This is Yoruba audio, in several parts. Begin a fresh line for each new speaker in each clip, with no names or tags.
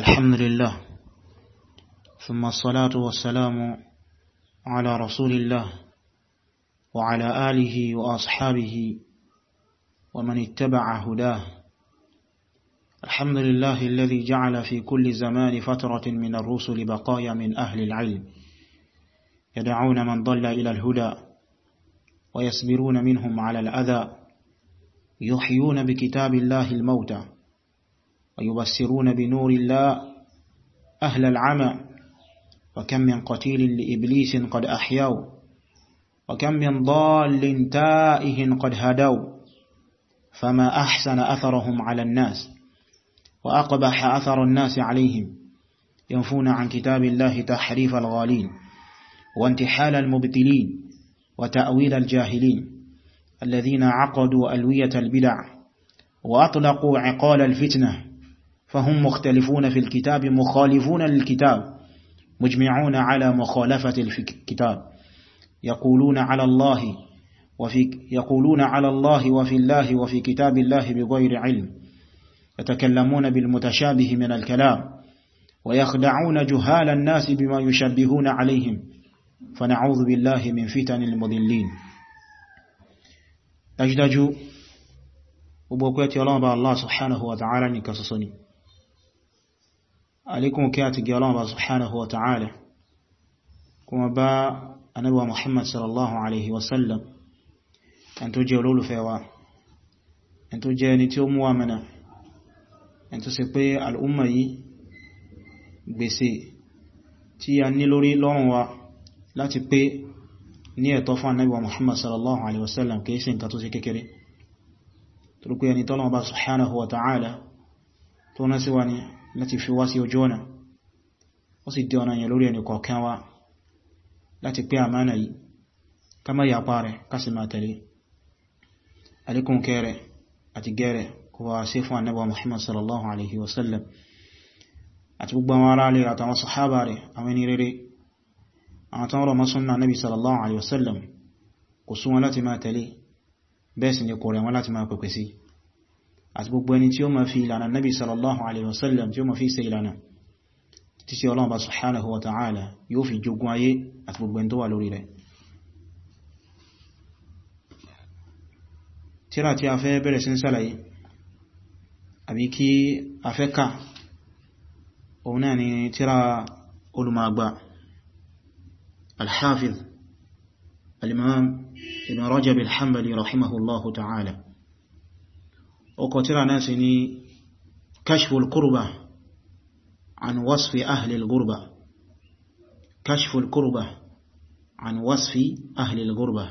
الحمد لله ثم الصلاة والسلام على رسول الله وعلى آله وأصحابه ومن اتبع هداه الحمد لله الذي جعل في كل زمان فترة من الرسل بقايا من أهل العلم يدعون من ضل إلى الهدى ويصبرون منهم على الأذى يحيون بكتاب الله الموتى ويبصرون بنور الله أهل العمى وكم من قتيل لإبليس قد أحيوا وكم من ضال تائه قد هدوا فما أحسن أثرهم على الناس وأقبح أثر الناس عليهم ينفون عن كتاب الله تحريف الغالين وانتحال المبتلين وتأويل الجاهلين الذين عقدوا ألوية البدع وأطلقوا عقال الفتنة فهم مختلفون في الكتاب مخالفون للكتاب مجمعون على مخالفة الكتاب يقولون على الله وفي يقولون على الله وفي الله وفي كتاب الله بغير علم يتكلمون بالمتشابه من الكلام ويخدعون جهال الناس بما يشبهون عليهم فنعوذ بالله من فتن المضلين dájúdájú وبوكيت الله سبحانه وتعالى Allah subhanahu alékún kí àti gẹ́ ọlọ́wọ́ subhanahu wa ta'ala kuma bá anábíwa muhammad sallallahu alaihi wasallam ẹn tó jẹ́ olólùfẹ́ wa ẹn tó jẹ́ ẹni tí ó mú wa mẹ́na ẹn tó ṣe pé al'umma yìí gbèsè tí a ní lórí lọ́rùn wa láti pé ní ẹ̀tọ́ fún anábíwa muhammad sallallahu alaihi wasallam kìí nǹkan tó ṣe kékeré tó rúkú ẹni tọ́lọ́wọ́ subhanahu wa ta'ala tó ná sí wa ni láti fi wá sí ojú ọ̀nà ó sì dé ọ̀nà yẹn lórí ẹni kọ̀ọ̀kan wá láti pé àmánà yìí ká má yapa rẹ̀ ká sì máa tẹ̀lé alikun kẹrẹ àti gẹrẹ kó wá sí fún annabawa muhammad sallallahu alaihi wasallam àti gbogbo àwọn ará lè àtàwọn sàhábà rẹ̀ àwọn ẹni rere àwọn tán rọ̀ masúnnà nabi sallallahu alaihi wasallam kò sún wọn láti máa tẹ̀lé bẹ́ẹ̀ sì ni kò rẹ̀ wọn láti máa pẹ̀pẹ̀ sí àti gbogbo ẹni tí ó ma fi ìlànà nabi sallallahu alaihi wasallam tí ó ma fi ṣe ìlànà títí ọlọ́run bá subhanahu wa ta'ala yóò fi jogun ayé àti gbogbo ẹni tó wà lórí rẹ̀ tíra tí a fẹ́ bẹ̀rẹ̀ sí sálàyé àbí kí a fẹ́ ká òun náà ni tíra olùmọ̀gbà al-hafiz ibn rajab alhambali rahimahullahu ta'ala ọkọ̀ tíra náà sí ní kashful kurba an wasfi ahlil gurba kashful kurba an wasfi ahlil gurba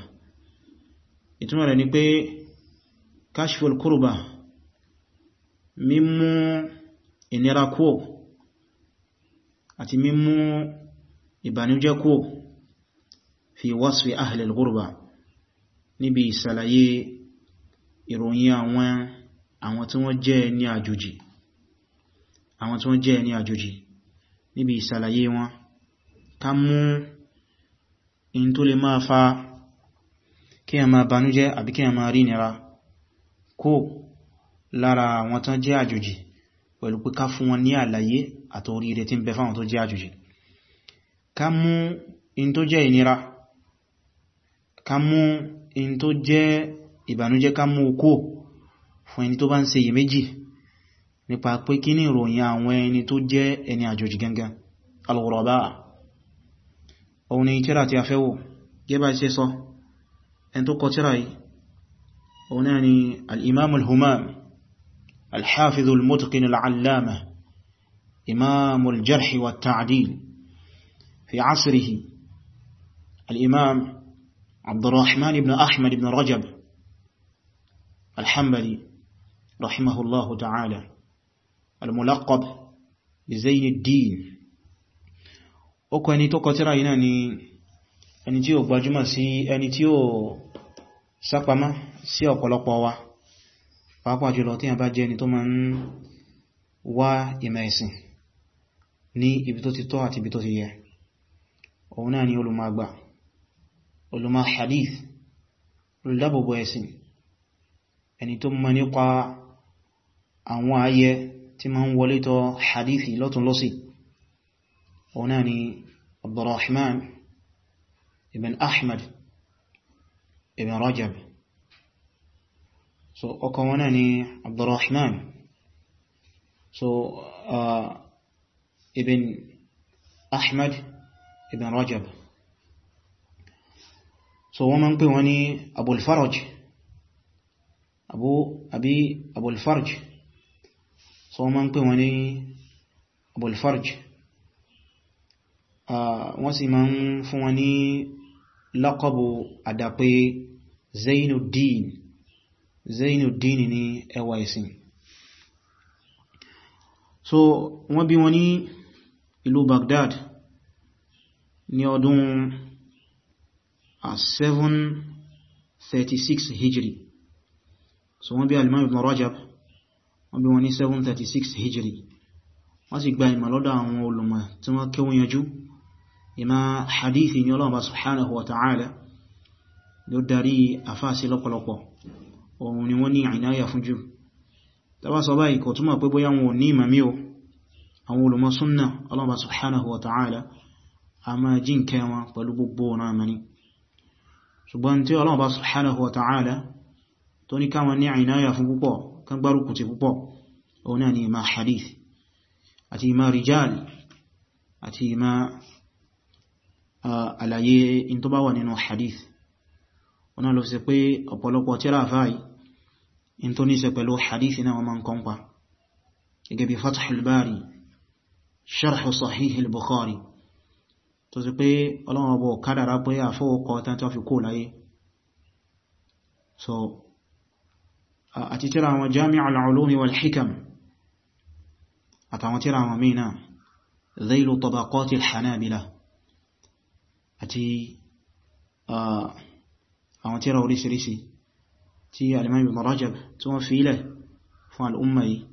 ìtumọ̀ rẹ̀ ni pé kashful kurba mímú ìnira kúò àti mímú ìbànújẹ́ kúò fi wasfi ahlil gurba níbi ìsàlàyé ìròyìn àwọn àwọn tí wọ́n jẹ́ ẹni àjòjì àwọn tí wọ́n jẹ́ ẹni níbi ìsàlàyé wọn ká mú in tó lè máa fa kí a máa banújẹ́ àbí kí a máa rí nira kó lára àwọn tán jẹ́ àjòjì pẹ̀lú pé ká fún wọn ní àlàyé àtòrí ire tí ń bẹ fáwọn tó jẹ́ àjòjì ká mú in tó jẹ́ ìbànújẹ́ ká mú kó fún ẹni tó bá ń ṣe yìí méjì nípa pé kí ní nípa pé kí ni ìròyìn àwọn ẹni tó jẹ́ ẹni àjòjì gangan al yìí ọ̀hun ni tíra tí a fẹ́ wò gẹ́bà ise sọ ẹni tó kọ tíra yìí ohun náà ni al-imam al-humam al-hafiz al-mutqin al-allama imam al humam al hafiz al mutqin رحمه الله تعالى الملقب بزين الدين ọkọ̀ ẹni tó kọtíra yìí náà ni ẹni tí ó gbajúmọ̀ sí ẹni tí ó sápamá sí ọ̀pọ̀lọpọ̀ wa pàápàá jùlọ tí a bá jẹ́ ẹni tó ma ń wá ìmẹ̀ ìsìn ní ibi tó ti tọ́ àti ibi tó ti yẹ òun náà ni olùmọ̀ àgbà olùmọ̀ hadith olùdábòbò ẹ̀sìn ẹni tó mọ̀ àwọn ayẹ tí ma ń wọlé tọ hadithi lọ́tún lọ́sì ọ̀nà ni abdurrahman ibn ahmad ibn rajab so ọkọ̀ wọn náà ni abdurrahman so uh, ibn ahmad ibn rajab so wọ́n ma ń pè wọ́n ní abulfaraj abu abi abulfaraj so wọ́n máa ń pè wọ́n ní Abul Farj wọ́n sì máa ń fún wọn ní laqabu Zainuddin Zainuddin ní ẹwà so wọ́n bí wọn ní ìlú Baghdad ní ọdún 736 hijri so wọ́n bí al-Imam ibn Rajab wọ́n wọn ní 736 hijri wọ́n sì gba ìmọ̀ lọ́dọ̀ àwọn olùmọ̀ tí wọ́n kéwú yanjú ìmọ̀ hadithi ni Ọlọ́run subhanahu wa ta'ala ló darí àfáàsí lọ́pọ̀lọpọ̀ ohun ni wọ́n ní ìnáyà fún jù tàbá sọ báyìí kò túnmọ̀ pé bóyá wọn ò ní ìmọ̀ mí tó ní káwọn ní ìnáyà fún púpọ̀ kan gbárùkù ti púpọ̀ òun náà ni ìmá hadith àti ìmá rijal àti ìmá àlàyé in tó bá wà nínú hadith òun náà ló sì pé ọ̀pọ̀lọpọ̀ tírà fáyí in tó níṣe pẹ̀lú hadith náà wọ́n ma ń kọ́npa gẹ́gẹ́ bí Fathul Bari sharhu Sahih al-Bukhari tó sì pé ọlọ́wọ́ bọ̀ kádàrá pé àfọwọ́kọ́ tán tó fi kó láyé so àti tíra wọn jami' al-ulumi wal-hikam àtàwọn tíra wọn mìíràn dhailu tabaqati al-hanabila àti àwọn tíra oríṣiríṣi tí al-imam ibn rajab tí wọ́n fi ilẹ̀ fún al'umma yìí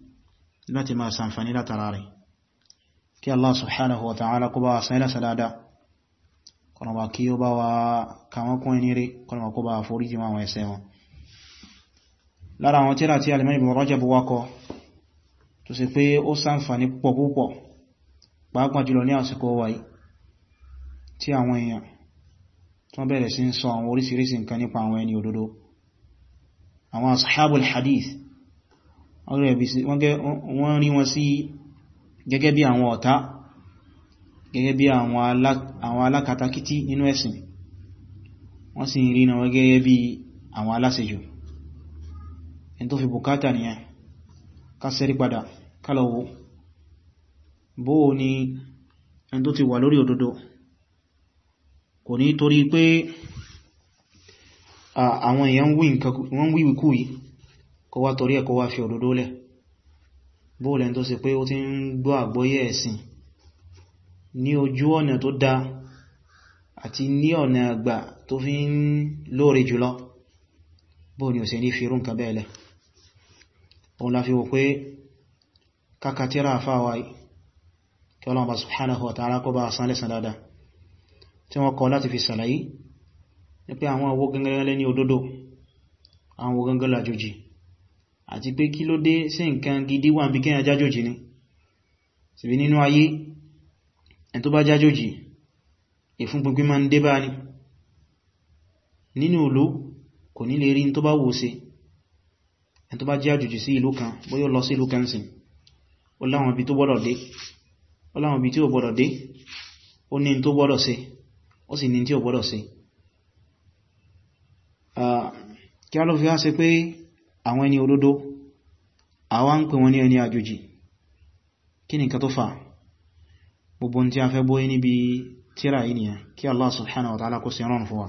láti máa sànfàní látara rẹ̀ kí Allah subhanahu wa ta'ala kó bá wa sẹ́lẹ̀ sàdádá kọ̀nà kí ó bá wa kàwọn kún ẹni rí kọ̀nà bá kó foríjì wọn àwọn ẹsẹ̀ wọn lára àwọn tírà tí Al-Imam Ibn Rajab wakọ tó sì pé ó ṣàǹfààní púpọ̀ púpọ̀ pàápàá jùlọ ní àsìkò wáyé tí àwọn èèyàn tó bẹ̀rẹ̀ sí ń sọ àwọn orísìírísìí nǹkan nípa àwọn ẹni òdodo àwọn ashabul hadith wọ́n rí wọn sí gẹ́gẹ́ bí àwọn ọ̀tá gẹ́gẹ́ bí àwọn alákatakítí nínú ẹ̀sìn wọ́n sì rí na wọ́n gẹ́gẹ́ bí àwọn in tó fi bukata ni ẹ ká sẹ́rí padà kálọ̀wó bóò ni ẹn tó ti wà lórí òdodo kò ní torí pé àwọn èèyàn wọ́n wí wíkú yìí kó wá torí ẹ̀ kó wá fi òdodo lẹ̀ bóò lẹ́n tó ṣe pé ó ti ń gbọ́ àgbọ́yé ẹ̀sìn ní ojú ọ̀nà tó dá àti ní ọ̀nà àgbà tó fi ń lóore jùlọ bóò ni ò ṣe ní fi rún kan bẹ́ẹ̀lẹ̀ òun la fi wò pé kákàtíra àfáwà kí ọlọ́mà subhanahu wa ta'ala kó bá sán lẹ́sàn dáadáa tí wọ́n kọ láti fi sàlàyé ní pé àwọn owó gangan lẹ́ni òdodo àwọn owó gangan lájòjì àti pé kí ló dé sí nǹkan gidi wà bí kíyàn jájòjì ni síbi nínú ayé ẹn tó bá jájòjì ìfún gbogbo ma ń dé bá ní nínú ìlú kò ní lè rí tó bá wò ẹni tó bá jẹ́ àjòjì sí ìlú kan bóyá lọ sí ìlú kan sí ó láwọn ibi tó gbọ́dọ̀ dé ó láwọn ibi tí ó gbọ́dọ̀ dé ó ní tó gbọ́dọ̀ ṣe ó sì ní tí ó gbọ́dọ̀ ṣe kí a lọ fi wá ṣe pé àwọn ẹni òdodo àwa ń pè wọn ní ẹni àjòjì kí ni nǹkan gbogbo tí a fẹ́ bóyí níbi tíra yìí kí Allah subhanahu wa ta'ala kó sí rọrùn fún wa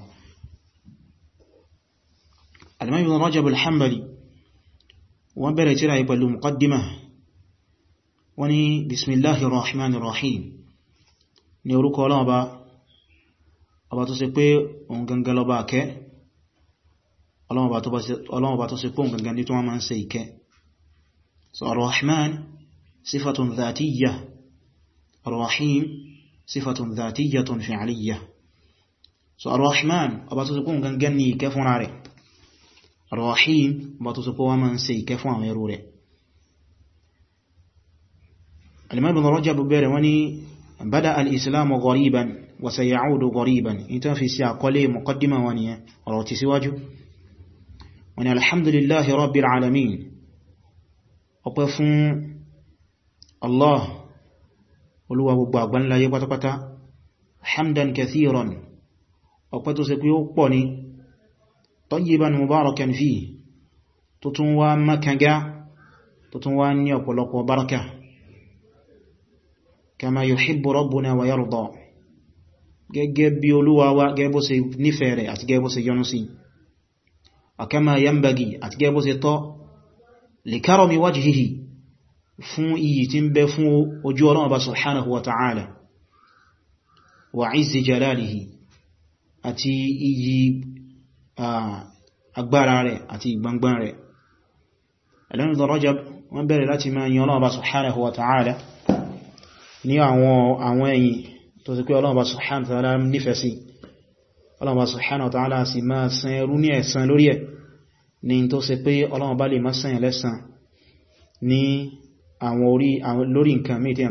Al-Imam wọ́n bẹ̀rẹ̀ tírà yìí pẹ̀lú muqaddima wọ́n ní bismillahi rahman rahim ní orúkọ ọlọ́wọ́ bá ọba tó ṣe pé òun gangan lọ bá kẹ́ ọlọ́wọ́ bá tó ṣe pé òun gangan ní tó wọ́n máa ń ṣe ìkẹ́ so rahman sifatun dhatiyya rahim bá tó sọpọ̀ wọ́n ma ń ṣe ìkẹ́ fún àwọn ẹrú rẹ̀ al-imam ibn rajab bẹ̀rẹ̀ wọ́n ni bada al-islam ghariban wa sayaudu ghariban in ta fi sí àkọlé muqaddima wọn yẹn ọ̀rọ̀ ti síwájú wọ́n alhamdulillahi rabbil alamin ọpẹ́ fún allah olúwa gbogbo àgbánláyé pátápátá hamdan kathiran ọpẹ́ tó ṣe pé ó pọ̀ ni tayyiban mubarakan fihi tó tún wá makanga tó tún wá ní ọ̀pọ̀lọpọ̀ baraka kama yuhibbu rabbuna wa yarda gẹ́gẹ́ bí olúwa wa gẹ́bó ṣe nífẹ̀ẹ́ rẹ̀ àti gẹ́bó ṣe yọ́nú sí akama yanbaghi àti gẹ́bó ṣe tọ́ li karami wajhihi fún iyì tí ń bẹ fún ojú Ọlọ́run ta'ala wa izzi jalalihi àti iyì agbára rẹ̀ àti ìgbangban rẹ̀ ẹ̀lẹ́nu Rajab wọ́n bẹ̀rẹ̀ láti máa yin Ọlọ́run Ọba subhanahu wa ní àwọn ẹ̀yìn tó ti pé Ọlọ́run Ọba subhanahu wa ta'ala nífẹ̀ẹ́ sì máa san ẹrú ní ẹ̀san lórí ẹ̀ ní tó ṣe pé Ọlọ́run san ẹlẹ́san ní àwọn orí lórí mí a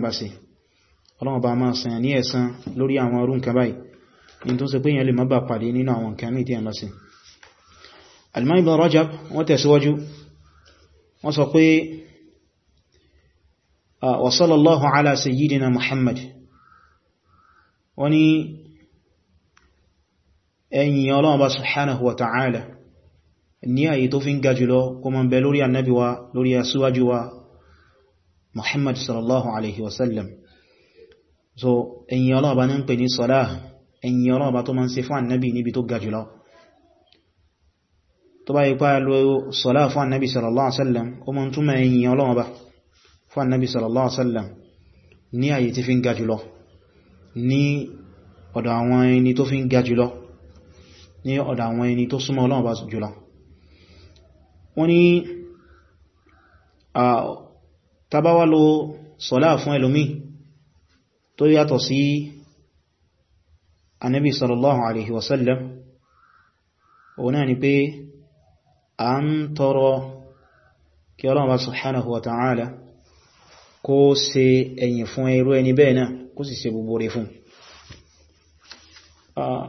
bá san ní al-Imam Ibn Rajab wọ́n tẹ̀síwájú wọ́n sọ pé ah, wa sallallahu ala sayyidina Muhammad wọ́n ni ẹ̀yìn Ọlọ́run bá subhanahu wa ta'ala ní àyè tó fi ń ga jùlọ kó mọ́ bẹ lórí annabi wa lórí asíwájú wa Muhammad sallallahu alaihi wasallam so ẹ̀yìn Ọlọ́run bá ní ń pè ní sọ́lá ẹ̀yìn Ọlọ́run bá tó mọ́ ń ṣe fún annabi níbi tó ga jùlọ tó bá ipá lọ sọ́lá fún annabi sallallahu alaihi wasallam o mọ́ túnmọ̀ ẹ̀yìn ọlọ́wọ́ bá fún annabi sallallahu alaihi wasallam ní àyè tí fi ń ga jùlọ ní ọ̀dọ̀ àwọn ẹni tó fi ń ga jùlọ ní ọ̀dọ̀ àwọn ẹni tó súnmọ́ ọlọ́wọ́ bá jùlọ wọ́n ni tàbáwá lọ sọ́lá fún ẹlòmí tó yàtọ̀ sí annabi sallallahu alaihi òun náà ni pé a ń tọrọ kí Ọlọ́run subhanahu wa ta'ala kó ṣe ẹ̀yìn fún irú ẹni bẹ́ẹ̀ náà kó sì ṣe gbogbo rẹ̀ fún ah,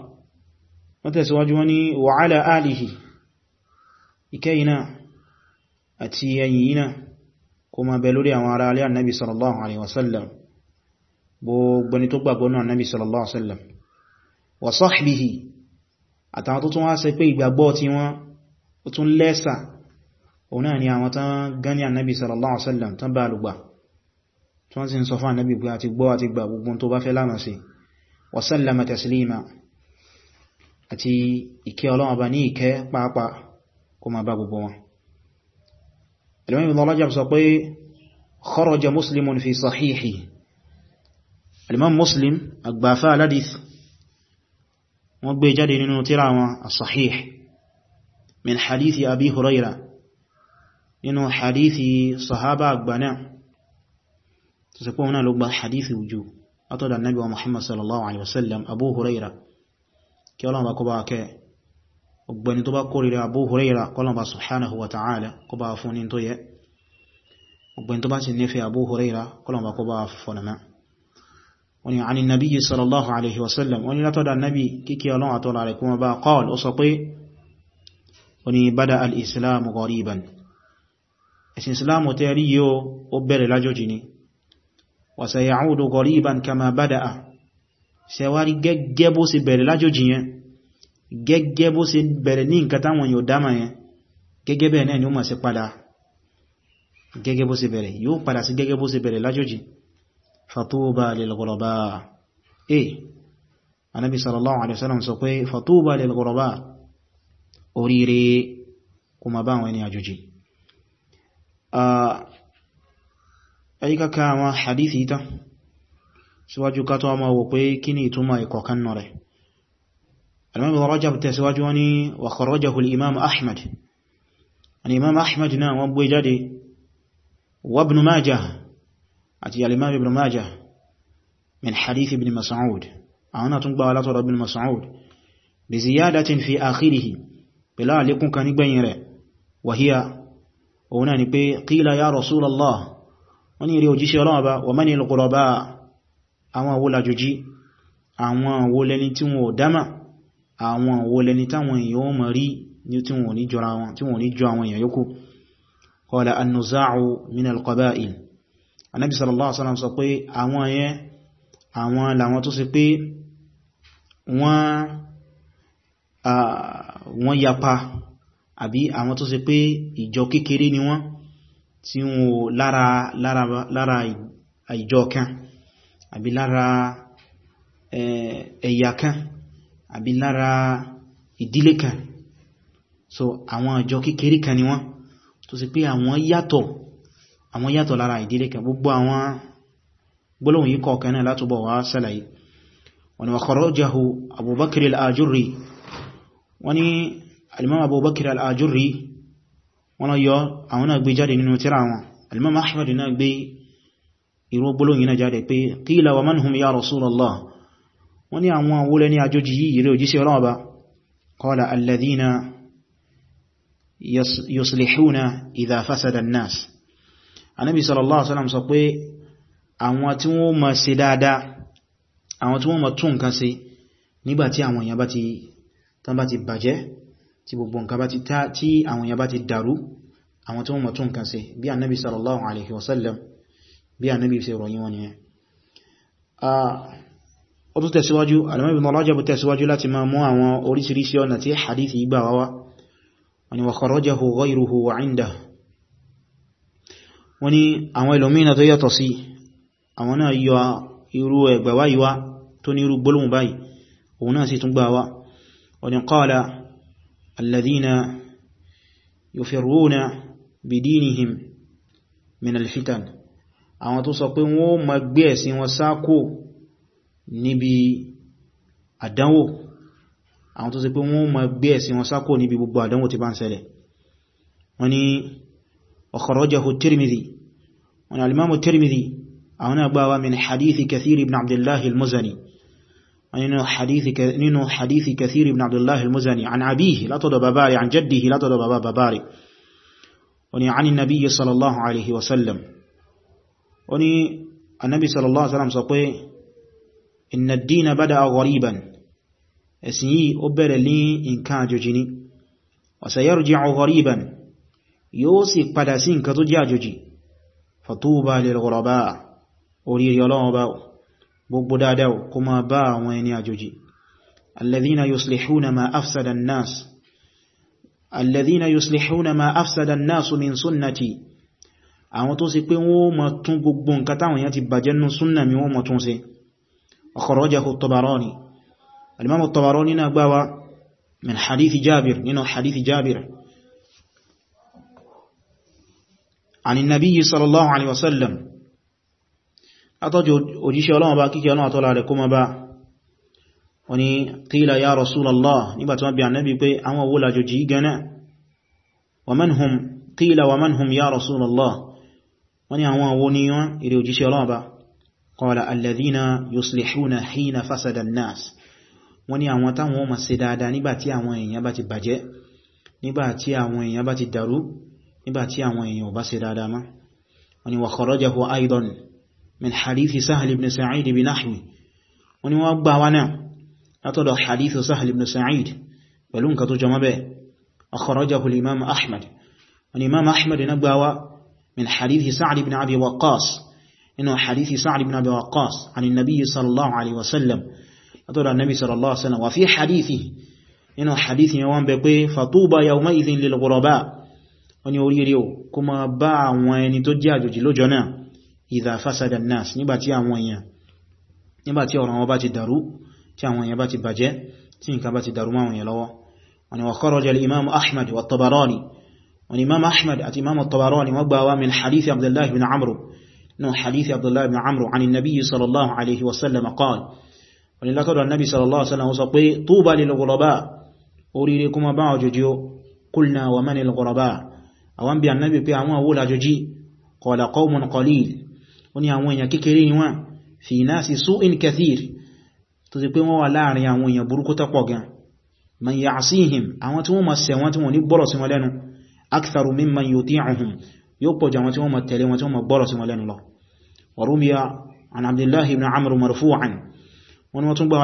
wọ́n tẹ̀síwájú wọ́n ní wa ala alihi ìkẹ́yìnà àti ẹ̀yìnà kó ma bẹ lórí àwọn ará alẹ́ annabi sallallahu alaihi wasallam gbogbo ni tó gbàgbọ́ náà annabi sallallahu alaihi wasallam wa sahbihi àtàwọn tó tún wá ṣe pé ìgbàgbọ́ ti wọn ó tún lẹ́sà òun náà ni àwọn tán gani annabi sallallahu alaihi wasallam tán bá lùgbà tí wọ́n sì ń sọ fún annabi pé àti gbọ́ àti gbà gbogbo tó bá fẹ́ lánà sí wasallama taslima àti ìkẹ́ ọlọ́wọ́ bá ní ìkẹ́ pàápàá kó ma bá gbogbo wọn من حديث أبي هريرة إنه حديث صحابة أقبناء تسكون هنا لقبة حديث وجوه أطول النبي محمد صلى الله عليه وسلم أبو هريرة كي الله بكبا كي أقبني تبا قولي أبو هريرة قال الله سبحانه وتعالى قبا فونين توي أقبني تبا سنفي أبو هريرة قال الله بكبا فونما وني عن النبي صلى الله عليه وسلم وني لا تدع النبي كي كي الله أطول عليكم وبا قال أصطي oní bada al-islam ghariban ẹ̀sìn islamu tẹ́ rí yíó ó bẹ̀rẹ̀ lájọ́jì ni wa sayaudu ghariban kama bada'a sẹwárí gẹ́gẹ́ bó ṣe bẹ̀rẹ̀ lájọ́jì yẹn gẹ́gẹ́ bó ṣe bẹ̀rẹ̀ ní nǹkan táwọn yóò dáma yẹn gẹ́gẹ́ bẹ̀rẹ̀ náà ni ó padà gẹ́gẹ́ bó ṣe bẹ̀rẹ̀ yóò padà sí gẹ́gẹ́ bó ṣe bẹ̀rẹ̀ lájọ́jì fatuba lil eh anabi sallallahu alaihi wasallam sọ pé fatuba lil oríire kó ma bá àwọn ẹni àjòjì ayíkaka àwọn hadithi tán síwájú ká tó ma wò pé kí ni ìtumọ̀ ìkọ̀kan rẹ̀ alimami rajab tẹ̀síwájú wani wa kharajahu al-imam ahmad an imam ahmad náà wọ́n gbé jáde wa ibn majah àti alimami ibn majah min hadithi ibn mas'ud àwọn náà tún gbá látọ̀rọ̀ ibn mas'ud bi ziyadatin fi akhirihi pẹ̀lá àlékún kan nígbẹ̀yìn rẹ̀ wàhíyà òun náà ni pé qila ya rasulallah wọ́n ni rí òjíṣẹ́ ọlọ́wọ́ bá wa manil quraba àwọn àwó làjòjí àwọn àwó lẹni tí wọ́n dámà àwọn àwó lẹni táwọn èèyàn ó mọ̀ rí tí wọ́n ní jọ àwọn èèyàn wọ́n yapa àbí àwọn tó ṣe pé ìjọ kékeré ni wọ́n tí wọ́n lára lára lára ìjọ kan àbí lára ẹ̀yà kan àbí lára ìdílé kan so àwọn ìjọ kékeré kan ni wọ́n tó ṣe pé àwọn yàtọ̀ àwọn yàtọ̀ lára ìdílé kan gbogbo àwọn gbólóhùn yìí kọ̀ọ̀kan náà látúbọ̀ wá sálàyé wọn wà kharajahu Abu Bakr al-Ajurri wọ́n ní alimam abubakar al'ajurri wọ́n yọ àwọn náà gbé jáde nínú tírà wọn alimam ahmad náà gbé irú gbólóyìn náà jáde pé qila wa man hum ya rasulallah wọ́n ní àwọn awólẹ́ ní àjòjì yìí nígbàtí àwọn èèyàn bá ti tán bá ti bàjẹ́ tí gbogbo nǹkan bá ti tá tí àwọn èèyàn bá ti dàrú àwọn tí wọ́n mọ̀ tún nǹkan ṣe bí anábi sallallahu alaihi wasallam bí anábi ṣe ròyìn wọn nìyẹn ó tún tẹ̀síwájú alimọ́ ibn Rajab tẹ̀síwájú láti máa mú àwọn oríṣiríṣi ọ̀nà tí hadithi gbà wá wani wa kharajahu ghayruhu wa indahu wani àwọn àwọn náà yọ irú ẹgbẹ̀wá ìwá tó ní irú gbólóhùn báyìí òun náà sì tún gbà wá وإن قال الذين يفرون بدينهم من الفتن أما تسقموا مقبس وساكو نبي أدنو أما تسقموا مقبس وساكو نبي ببا أدنو تبان سلي وني وخرجه الترمذي وني الإمام الترمذي أنا أبا من حديث كثير ابن عبد الله المزني nínú hadithi nínú hadithi kathir ibn abdullah al-muzani an abihi látọ̀dọ̀ bàbá rẹ̀ an jaddihi látọ̀dọ̀ bàbá bàbá rẹ̀ oni an nabi sallallahu alaihi wasallam oni annabi sallallahu alaihi wasallam sọ pé inna ad-din bada'a ghariban ẹ̀sìn yìí ó bẹ̀rẹ̀ ní nǹkan àjòjì ni wa sayarji'u ghariban yóò sì padà sí nǹkan tó jẹ́ àjòjì fatuba lil ghuraba orí rí gbogbo dáadáa kó máa bá àwọn ẹni àjòjì alladhina yuslihuna ma afsada an-nas alladhina yuslihuna ma afsada an-nas min sunnati àwọn tó sì pé wọ́n máa tún gbogbo nǹkan táwọn èèyàn ti bàjẹ́ nínú súnnà mi wọ́n máa tún ṣe akhrajahu at-tabarani al-imam at-tabarani náà min hadithi jabir nínú hadithi jabir عن النبي صلى الله عليه وسلم atọ́jú òjíṣẹ́ ọlọ́wọ́ bá kíkẹ́ ọlọ́wọ́ tọ́lá rẹ̀ kó ma bá wọ́n ni qila ya rasulallah nígbàtí wọ́n bí annabi pé àwọn owó làjòjì gẹ́nà wa man hum qila wa man hum ya rasulallah wọ́n ni àwọn owó ni wọ́n ire òjíṣẹ́ ọlọ́wọ́ wọ́n ni àwọn táwọn ma aidan min hadithi sahal ibn sa'id bi nahwi wọ́n ní wọ́n gbà wá náà látọ̀dọ̀ hadithi sahal ibn sa'id pẹ̀lú nǹkan tó jọmọ́ bẹ́ẹ̀ akhrajahu imam ahmad wọ́n imam ahmad na gbà wá min hadithi sa'ad ibn abi waqqas inú hadithi sa'ad ibn abi waqqas an nabi sallallahu alaihi wasallam látọ̀dọ̀ nabi sallallahu alaihi wasallam wa fi hadithi inú hadithi yẹn wọ́n bẹ pé fatuba yawma idhin lil ghuraba wọ́n ní o kó máa bá àwọn ẹni tó jẹ́ àjòjì lọ́jọ́ idha fasada an-nas nígbàtí àwọn èèyàn nígbàtí ọ̀rọ̀ wọn bá ti dàrú tí àwọn èèyàn bá ti bàjẹ́ tí nǹkan bá ti dàrú máwọn èèyàn lọ́wọ́ wọn ni wa kharaja al-imam ahmad wa tabarani wọn imam ahmad àti imam tabarani wọ́n gbà wá min hadith abdullahi bin amru no hadith abdullahi bin amru an nabi sallallahu alaihi wasallam qala wọn ni látọ̀dọ̀ nabi sallallahu alaihi wasallam sọ pé tuba lil ghuraba oríire kuma bá àjòjì o wa man al ghuraba àwọn bí annabi pé àwọn awó làjòjì qala qawmun qalil ó ní àwọn èèyàn kékeré ni wọ́n fi nasi su'in kathir tó ti pé wọ́n wà láàrin àwọn èèyàn burúkú tó pọ̀ gan man ya'sihim àwọn tí wọ́n ma ṣẹ̀ wọ́n tí wọ́n ní gbọ́rọ̀ sí wọn lẹ́nu aktharu mimman yuti'uhum yóò pọ̀ jù àwọn tí wọ́n ma tẹ̀lé wọn tí wọ́n ma gbọ́rọ̀ sí wọn lẹ́nu lọ wa rumiya an abdullahi ibn amr marfu'an wọn wọ́n tún gbà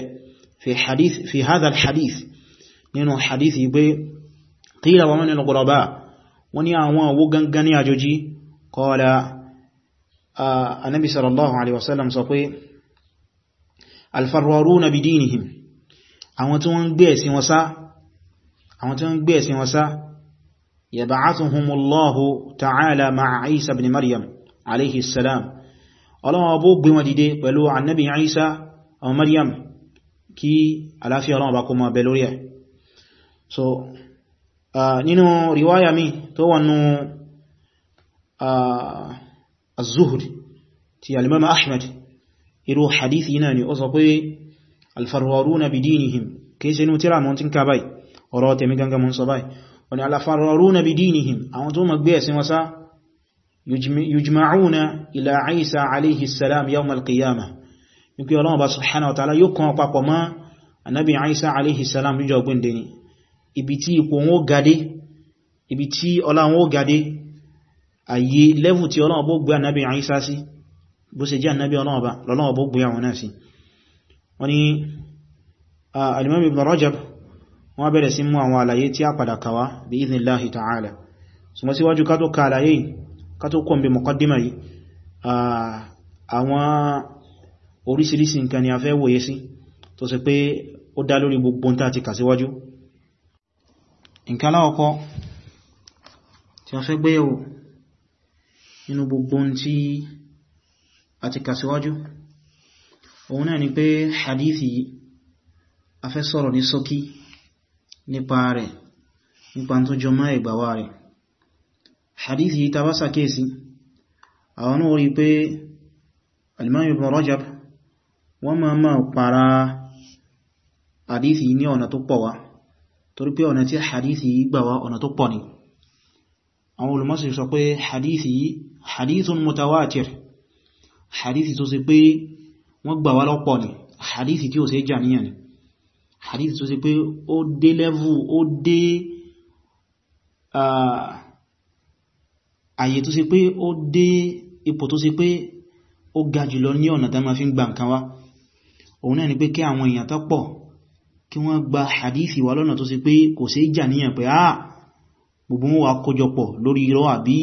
wá في حديث في هذا الحديث نينو حديث يبي قيل ومن الغرباء وني اوا وغنغني اجوجي قال آه، النبي صلى الله عليه وسلم سوقي الفرارون بدينهم اوا تي وان غبي اسين وسا اوا تي وان غبي اسين وسا يبعثهم الله تعالى مع عيسى بن مريم عليه السلام الله ابو غبي ما ديدي بلو النبي عيسى او مريم kí àlàáfíà ọlọ́run bá kó máa bẹ lórí ẹ̀ so nínú riwaya mi tó wà nú az-zuhd ti al-imam ahmed irú hadithi náà ni ó sọ pé alfarwaruna bidinihim kìí ṣe ní tíra mọ́ tí ń ká báyìí ọ̀rọ̀ tẹ̀mí gangan mọ́ sọ báyìí wani alfarwaruna bidinihim àwọn tó ma wípé ọlọ́wọ́ bá subhanahu wa ta'ala yóò kan papọ̀ mọ́ anábi Isa alayhi salam níjọ gbíndé ni ibi tí ipò wọn ó gade ibi tí ọlá wọn ó gade àyè lẹ́fù tí ọlọ́wọ́ bó gbé anábi Isa sí bó ṣe jẹ́ anábi ọlọ́wọ́ bó gbé àwọn náà sí wọ́n ni alimami ibn Rajab wọ́n bẹ̀rẹ̀ sí oríṣiríṣi nǹkan ni a fẹ́ wòye sí tó ṣe pé ó dá lórí gbogbo ń tàà ti kà síwájú nǹkan láọ̀kọ́ tí a fẹ́ gbé yẹ̀wò nínú gbogbo tí a ti kà síwájú òun náà ni pé hadithi yìí a fẹ́ sọ̀rọ̀ ní ṣókí nípa rẹ̀ nípa tó jọ mọ́ ìgbàwà rẹ̀ hadithi yìí ta bá sàkéèsí àwọn náà rí pé al Ibn Rajab wọ́n máa máa para hadithi ní ọ̀nà tó pọ̀ wá torí pé ọ̀nà tí hadithi gbà wá ọ̀nà tó pọ̀ ni àwọn olùmọ́sí sọ pé hadithi hadithun mutawatir hadithi tó ṣe pé wọ́n gbà wá lọ́pọ̀ ni hadithi tí ó ṣe jà níyàn ni hadithi tó ṣe pé ó dé level ó dé àyè tó ṣe pé ó dé ipò tó ṣe pé ó ga jùlọ ní ọ̀nà tá ma fi ń gba nǹkan wá òun náà ni pé kí àwọn èèyàn tó pọ̀ kí wọ́n gba hadithi wa lọ́nà tó sì pé kò sí ìjà níyàn pé àà ah, gbogbo wọn wà kójọpọ̀ lórí irọ́ àbí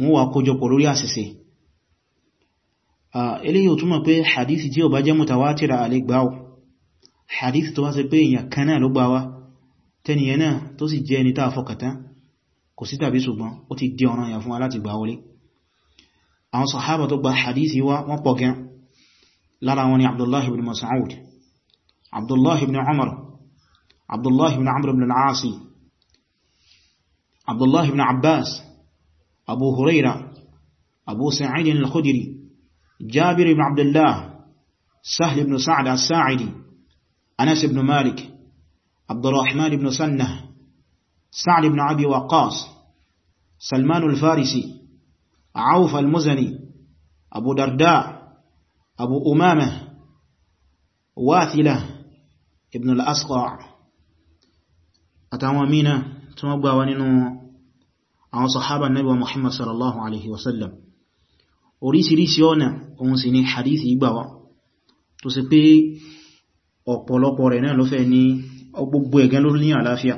wọn wà kójọpọ̀ lórí àṣìṣe ah, eléyìí ò túmọ̀ pé hadithi tí ó bá jẹ́ mutawatira alẹ́ gbá ọ hadithi tó bá ṣe pé èèyàn kan náà ló gbà wá tẹ́niyàn náà tó sì jẹ́ ẹni táà fọkàtán kò sí tàbí ṣùgbọ́n ó ti di ọ̀ranyàn fún wa láti gbà wọlé àwọn sàhábà tó gba hadithi wa wọ́n pọ̀ gan لرا وني عبد الله بن مسعود عبد الله بن عمر عبد الله بن عمرو بن العاص عبد الله بن عباس أبو هريرة أبو سعيد الخدري جابر بن عبد الله سهل بن سعد الساعدي أنس بن مالك عبد الرحمن بن سنة سعد بن عبي وقاص سلمان الفارسي عوف المزني أبو درداء أبو أمامة واثلة ابن الأسقع أتوامين تنبى وننو عن صحابة النبي محمد صلى الله عليه وسلم orísì rísì ọ̀nà òun sì ni hadithi gbà wá tó sì pé ọ̀pọ̀lọpọ̀ rẹ̀ náà ló fẹ́ ní gbogbo ẹ̀gẹ́ ló ní àlàáfíà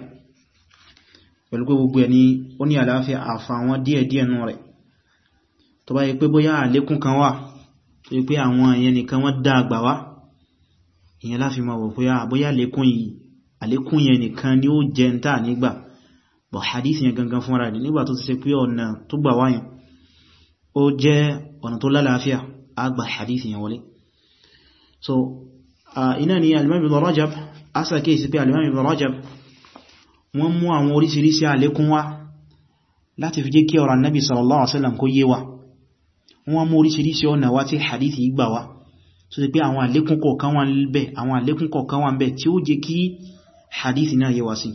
pẹ̀lú pé gbogbo ẹ̀ ní ó ní àlàáfíà àfàwọn díẹ̀díẹ̀ nù rẹ̀ tó bá yẹ pé bóyá àlékún kan wà tó yí pé àwọn èèyàn nìkan wọ́n dá àgbà wá ìyẹn láfi ma wọ̀ pé àbóyá ah, àlékún yìí àlékún yẹn nìkan ni ó jẹ ń tà nígbà bọ̀ hadith yẹn gangan fúnra rẹ̀ nígbà tó ti ṣe pé ọ̀nà tó gbà wáyàn ó jẹ́ ọ̀nà tó lálàáfíà àgbà hadith yẹn wọlé so iná ni alimami ibn rajab asa isi pé alimami ibn rajab wọ́n mú àwọn oríṣiríṣi àlékún wá láti fi jẹ́ kí ọ̀rọ̀ annabi sallallahu alaihi wasallam kó yé wa wọ́n mú oríṣiríṣi ọ̀nà wá tí hadithi gbà wá tó ti pé àwọn àlékún kọ̀ọ̀kan wà níbẹ̀ àwọn àlékún kọ̀ọ̀kan wà níbẹ̀ tí ó jẹ́ kí hadithi náà yé wa sí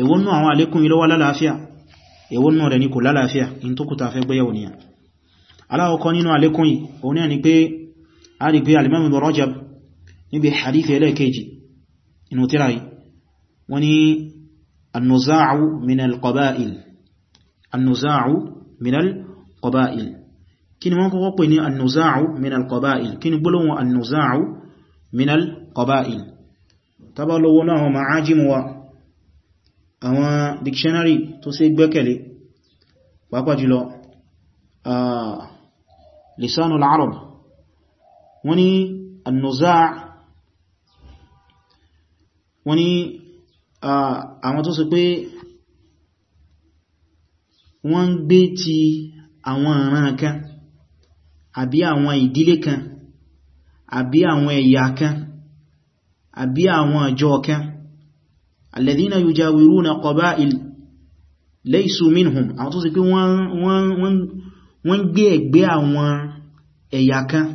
èwo nú àwọn àlékún yìí ló wà lálàáfíà èwo nú rẹ̀ ni kò lálàáfíà in tó kùta fẹ́ gbéyàwó ni aláwọ̀kọ́ nínú àlékún yìí òun náà ni kí ni wọ́n kọ́kọ́ pè ní annuza'u min al-qaba'il kí ni gbólóhùn annuza'u min al-qaba'il tàbá lọ́wọ́ náà àwọn ma'ájímù wa àwọn dictionary tó ṣe gbẹ́kẹ̀lé pàápàá jùlọ lisanul arab annuza' wọ́n àwọn tó ṣe pé wọ́n gbé ti àwọn ìran kan àbí àwọn ìdílé kan àbí àwọn ẹ̀yà kan àbí àwọn àjọ kan alladhina yujawiruna qaba'il laysu minhum àwọn tó sì pé wọ́n gbé ẹ̀gbẹ́ àwọn ẹ̀yà kan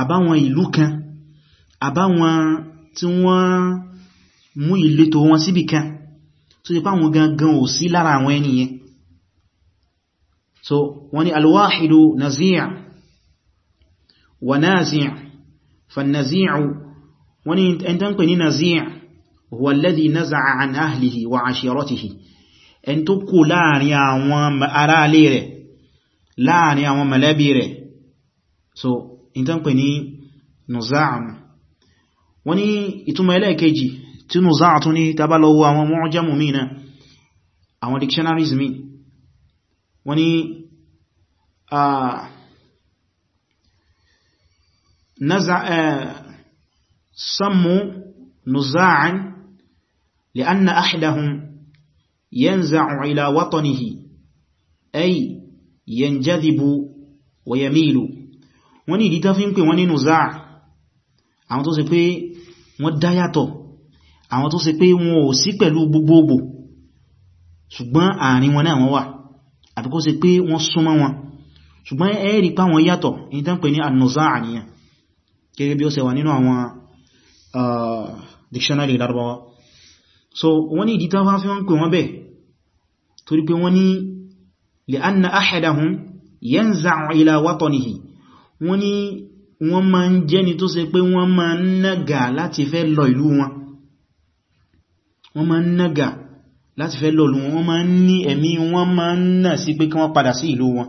àbáwọn ìlú kan àbáwọn tí wọ́n mú ìletò wọn síbì kan tó sì páwọn gangan ò sí lára àwọn ẹniyẹn so wọ́n ni alwahidu nazi'a ونازع فالنزيع وني ان تنقني نزيع هو الذي نزع عن اهله وعشيرته ان تبكو لاري awon ara le re láàrin àwọn mẹ̀lẹ́bí rẹ̀ so in tán pè ní nuza'un wọ́n ní ìtumọ̀ ẹlẹ́ẹ̀kejì tí nuza'un tún ní tabalọ́wọ́ àwọn mu'jamu mi náà àwọn dictionaries mi wọ́n ní ah, نزع سموا نزاعا لأن أحدهم ينزع إلى وطنه أي ينجذب ويميل وني ní ìdí tó fi ń pè wọ́n nínú záà àwọn tó ṣe pé wọ́n dáyàtọ̀ àwọn tó ṣe pé wọn ò sí pẹ̀lú gbogbogbò ṣùgbọ́n àárín wọn náà wọ́n wà àbíkó ṣe pé wọ́n súnmọ́ wọn ṣùgbọ́n ẹ́ẹ̀rí pá yàtọ̀ ìtàn ní ànùzáà nìyàn gẹ́gẹ́ bí ó ṣe wà nínú àwọn dictionary Lárúbáwá so wọ́n ní ìdítà wá fi wọ́n pè wọ́n bẹ̀ torí pé wọ́n ní li'anna ahadahum yanza'u ila watanihi wọ́n ní wọ́n ma ń jẹ́ni tó ṣe pé wọ́n ma ń nága láti fẹ́ lọ ìlú wọn wọ́n ma ń nága láti fẹ́ lọ ìlú wọn wọ́n ma ń ní ẹ̀mí wọ́n ma ń nà sí pé kí wọ́n padà sí ìlú wọn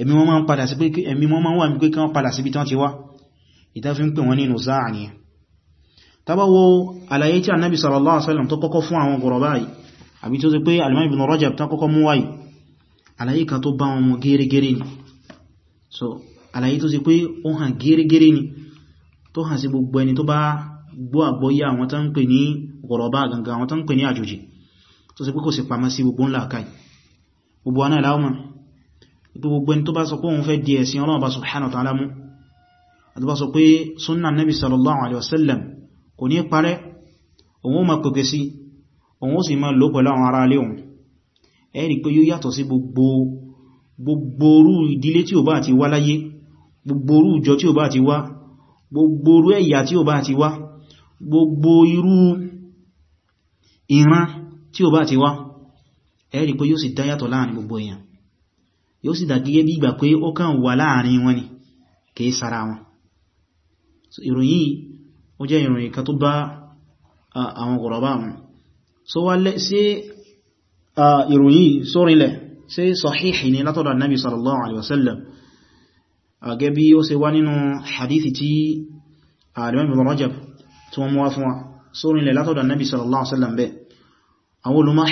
ẹ̀mí ma ń padà sí pé kí wọ́n padà sí ti wá ìtàfin pè wọn nínú záà ni tàbáwọ àlàyé tí annabi sallallahu alaihi wasallam tó kọ́kọ́ fún àwọn gọ̀rọ̀bá àbí tó ti pé alimam ibn rajab tó kọ́kọ́ mú so àlàyé tó ti pé ó hàn gẹ́rẹ́gẹ́rẹ́ ni tó hàn sí gbogbo ẹni tó bá gbọ́ àgbọ́yé àwọn tó ń pè ní gọ̀rọ̀bá gangan àwọn tó ń pè ní àjòjì tó sì pé sì pamọ́ sí gbogbo ńlá káì gbogbo anáìláwọ́mọ̀ gbogbo ẹni tó bá sọ pé òun fẹ́ di ẹ̀sìn Ọlọ́run bá subhanahu wa àti bá sọ pé súnnà nabi sallallahu alaihi wasallam kò ní parẹ́ òun ó ma pẹ̀pẹ̀ sí òun ó sì ma lò pẹ̀lú àwọn ará ilé òun ẹni pé yóò yàtọ̀ sí gbogbo orú ìdílé tí ó bá ti wá láyé gbogbo orú ìjọ tí ó bá ti wá gbogbo orú ẹ̀yà tí ó bá ti wá gbogbo irú ìran tí ó bá ti wá ẹni pé yóò sì dá yàtọ̀ láàrin gbogbo èèyàn yóò sì dà bí ìgbà pé ó kàn wà láàrin wọn ni kìí sára wọn ìròyìn ó jẹ́ ìròyìn kan tó bá àwọn Quraba mu so wá lẹ́ sí ìròyìn sórinlẹ̀ sí sahihi ni látọ̀dọ̀ annabi sallallahu alaihi wasallam gẹ́ bí ó ṣe wá nínú hadithi tí alimami ibn Rajab tí wọ́n mú wá fún wa sórinlẹ̀ látọ̀dọ̀ annabi sallallahu alaihi wasallam bẹ́ àwọn olùmọ̀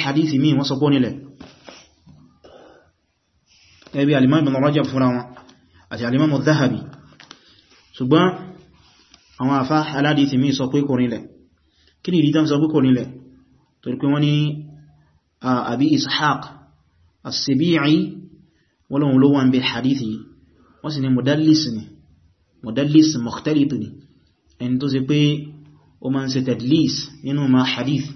àwọn àfá aládìí ti mí sọ pé kò rinlẹ̀ kí ni ìdítàn sọ pé kò rinlẹ̀ torí pé wọ́n ní àbí ishaq as-sabi'i wọ́n lóhun ló wọ́n bí hadithi wọ́n sì ni mudallis ni mudallis mukhtalitu ni ẹni tó ṣe pé ó ma ń ṣe tadlis nínú ma hadith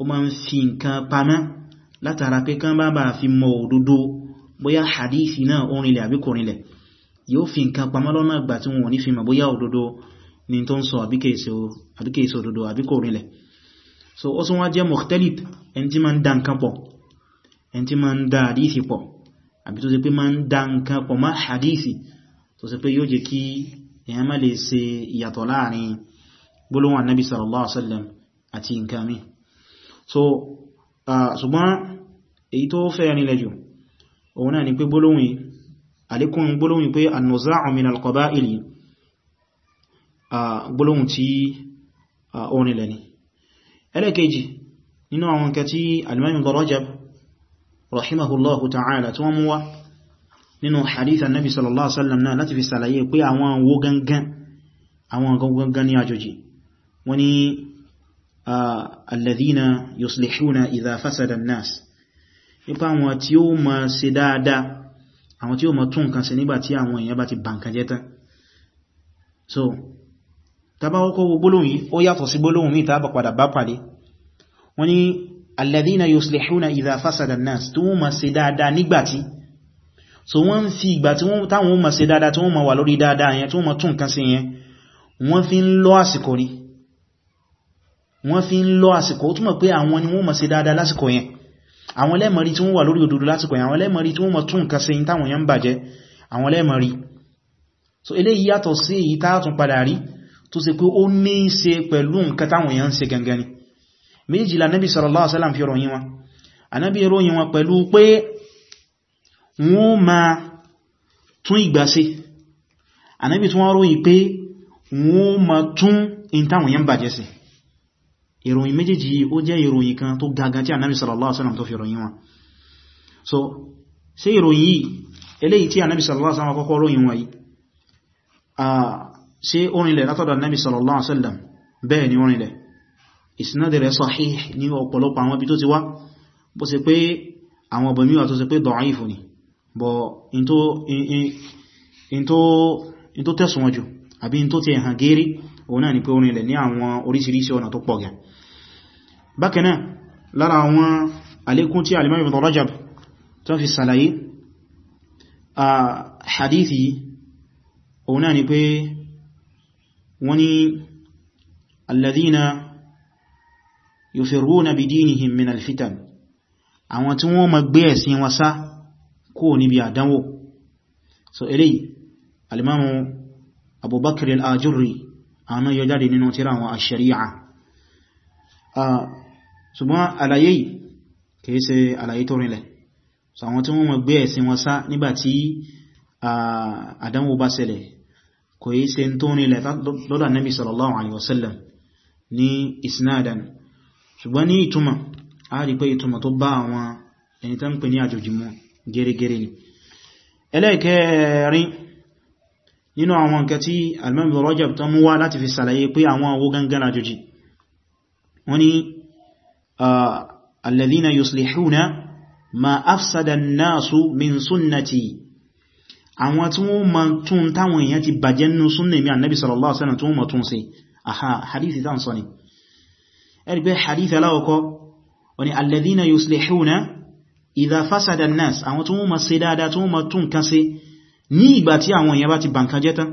ó ma ń fi nǹkan pamá látara pé kán bá bá fi mọ òdodo bóyá hadithi náà ó àbí kò rinlẹ̀ yóò fi nǹkan pamá lọ́nà ìgbà tí wọn ní fi mọ̀ bóyá òdodo ní tó ń sọ àbíkèèsè òdòdó àbíkò rílẹ̀ so ó tún wá jẹ́ mukhtalif ẹni tí ma ń da nǹkan pọ̀ ẹni tí ma ń da hadithi pọ̀ àbí tó ṣe pé ma ń da nǹkan pọ̀ má hadithi tó ṣe pé yóò jẹ́ kí èyàn má lè ṣe ìyàtọ̀ láàrin gbólóhùn annabi sallallahu alaihi wasallam gbólóhùn tí ó nílẹ̀ ni ẹlẹ́kejì nínú àwọn nǹkan tí alimami Rajab rahimahullahu ta'ala tí wọ́n mú wá nínú hadithan nabi sallallahu alaihi wasallam náà láti fi sàlàyé pé àwọn wo gangan àwọn gangan ní àjòjì wọ́n ni alladhina yuslihuna idha fasada an-nas nípa àwọn tí ó ma ṣe dáadáa àwọn tí ó ma tún nǹkan ṣe nígbàtí àwọn èèyàn bá ti bà nǹkan so tàbá kọ́kọ́ wo gbólóhùn yìí ó yàtọ̀ sí gbólóhùn mi tàbá padà bá pàdé wọ́n ni alladhina yuslihuna idha fasada an-nas tí wọ́n ma ṣe dáadáa nígbàtí so wọ́n ń fi ìgbà tí wọ́n táwọn ma ṣe dáadáa tí wọ́n ma wà lórí dáadáa yẹn tí wọ́n ma tún nǹkan sí yẹn wọ́n fi ń lọ àsìkò ni wọ́n fi ń lọ àsìkò túnmọ̀ pé àwọn ni wọ́n ma dáadáa lásìkò yẹn àwọn lẹ́mọ̀rí tí wọ́n wà lórí òdodo lásìkò yẹn tó se pé ó ní í ṣe pẹ̀lú nǹkan táwọn èèyàn ń ṣe gangan ni méjì la nabi sallallahu alaihi wasallam fi ròyìn wọn anábí ròyìn wọn pẹ̀lú pé wọ́n máa tún ìgbà ṣe tún wọ́n ròyìn pé wọ́n máa tún in táwọn èèyàn bàjẹ́ sí ìròyìn méjèèjì ó jẹ́ ìròyìn kan tó gaga tí anábí sallallahu alaihi wasallam tó fi ròyìn wọn so se ìròyìn yìí eléyìí tí anábí sallallahu alaihi wasallam kọ́kọ́ ròyìn wọn yìí ṣé orinlẹ̀ látọ̀dọ̀ annabi sallallahu alaihi wasallam bẹ́ẹ̀ ni orinlẹ̀ ìsinádẹ̀ rẹ̀ sahih ní ọ̀pọ̀lọpọ̀ àwọn ibi tó ti wá bó ṣe pé àwọn ọbọ̀míwà tó ṣe pé dọ̀ífù ni bọ̀ in tó tẹ̀sùn ọjọ́ àbí in tó ti ẹ̀hàn gẹ́rí òun náà ni pé orinlẹ̀ ní àwọn oríṣiríṣi ọ̀nà tó pọ̀ gẹ̀ ah, òun náà ni pé وني الذين يفرون بدينهم من الفتن àwọn tí wọ́n ma gbé ẹ̀sìn wọn sá kó níbi àdánwò so eléyìí alimamu abubakar al-ajurri àwọn yóò jáde nínú tírà àwọn ash-shari'a ṣùgbọ́n àlàyé kìí ṣe àlàyé tó rinlẹ̀ so àwọn tí wọ́n ma gbé ẹ̀sìn wọn sá nígbàtí àdánwò bá ṣẹlẹ̀ kò yí se tó nílẹ̀ lọ́dà nabi sallallahu alaihi wasallam ní isnadan ṣùgbọ́n ní ìtumà a rí pé ìtumà tó bá àwọn ẹni tán pè ní àjòjì mú gẹ́rẹ́gẹ́rẹ́ ni ẹlẹ́ẹ̀kẹ́rin nínú àwọn nǹkan tí al-Imam Rajab tán mú wá láti fi sàlàyé pé àwọn owó gangan àjòjì wọ́n ni alladhina àwọn tí wọ́n ma tún táwọn èèyàn ti bàjẹ́ nínú súnnà mi annabi sallallahu alaihi wasallam tí wọ́n ma tún ṣe aha hadithi tán sọ ni ẹ̀rí pé hadithi aláwọ̀kọ́ wani alladhina yuslihuna idha fasada an-nas àwọn tí wọ́n ma ṣe dáadáa tí wọ́n ma tún kan ṣe ní ìgbà tí àwọn èèyàn bá ti bankan jẹ́ tán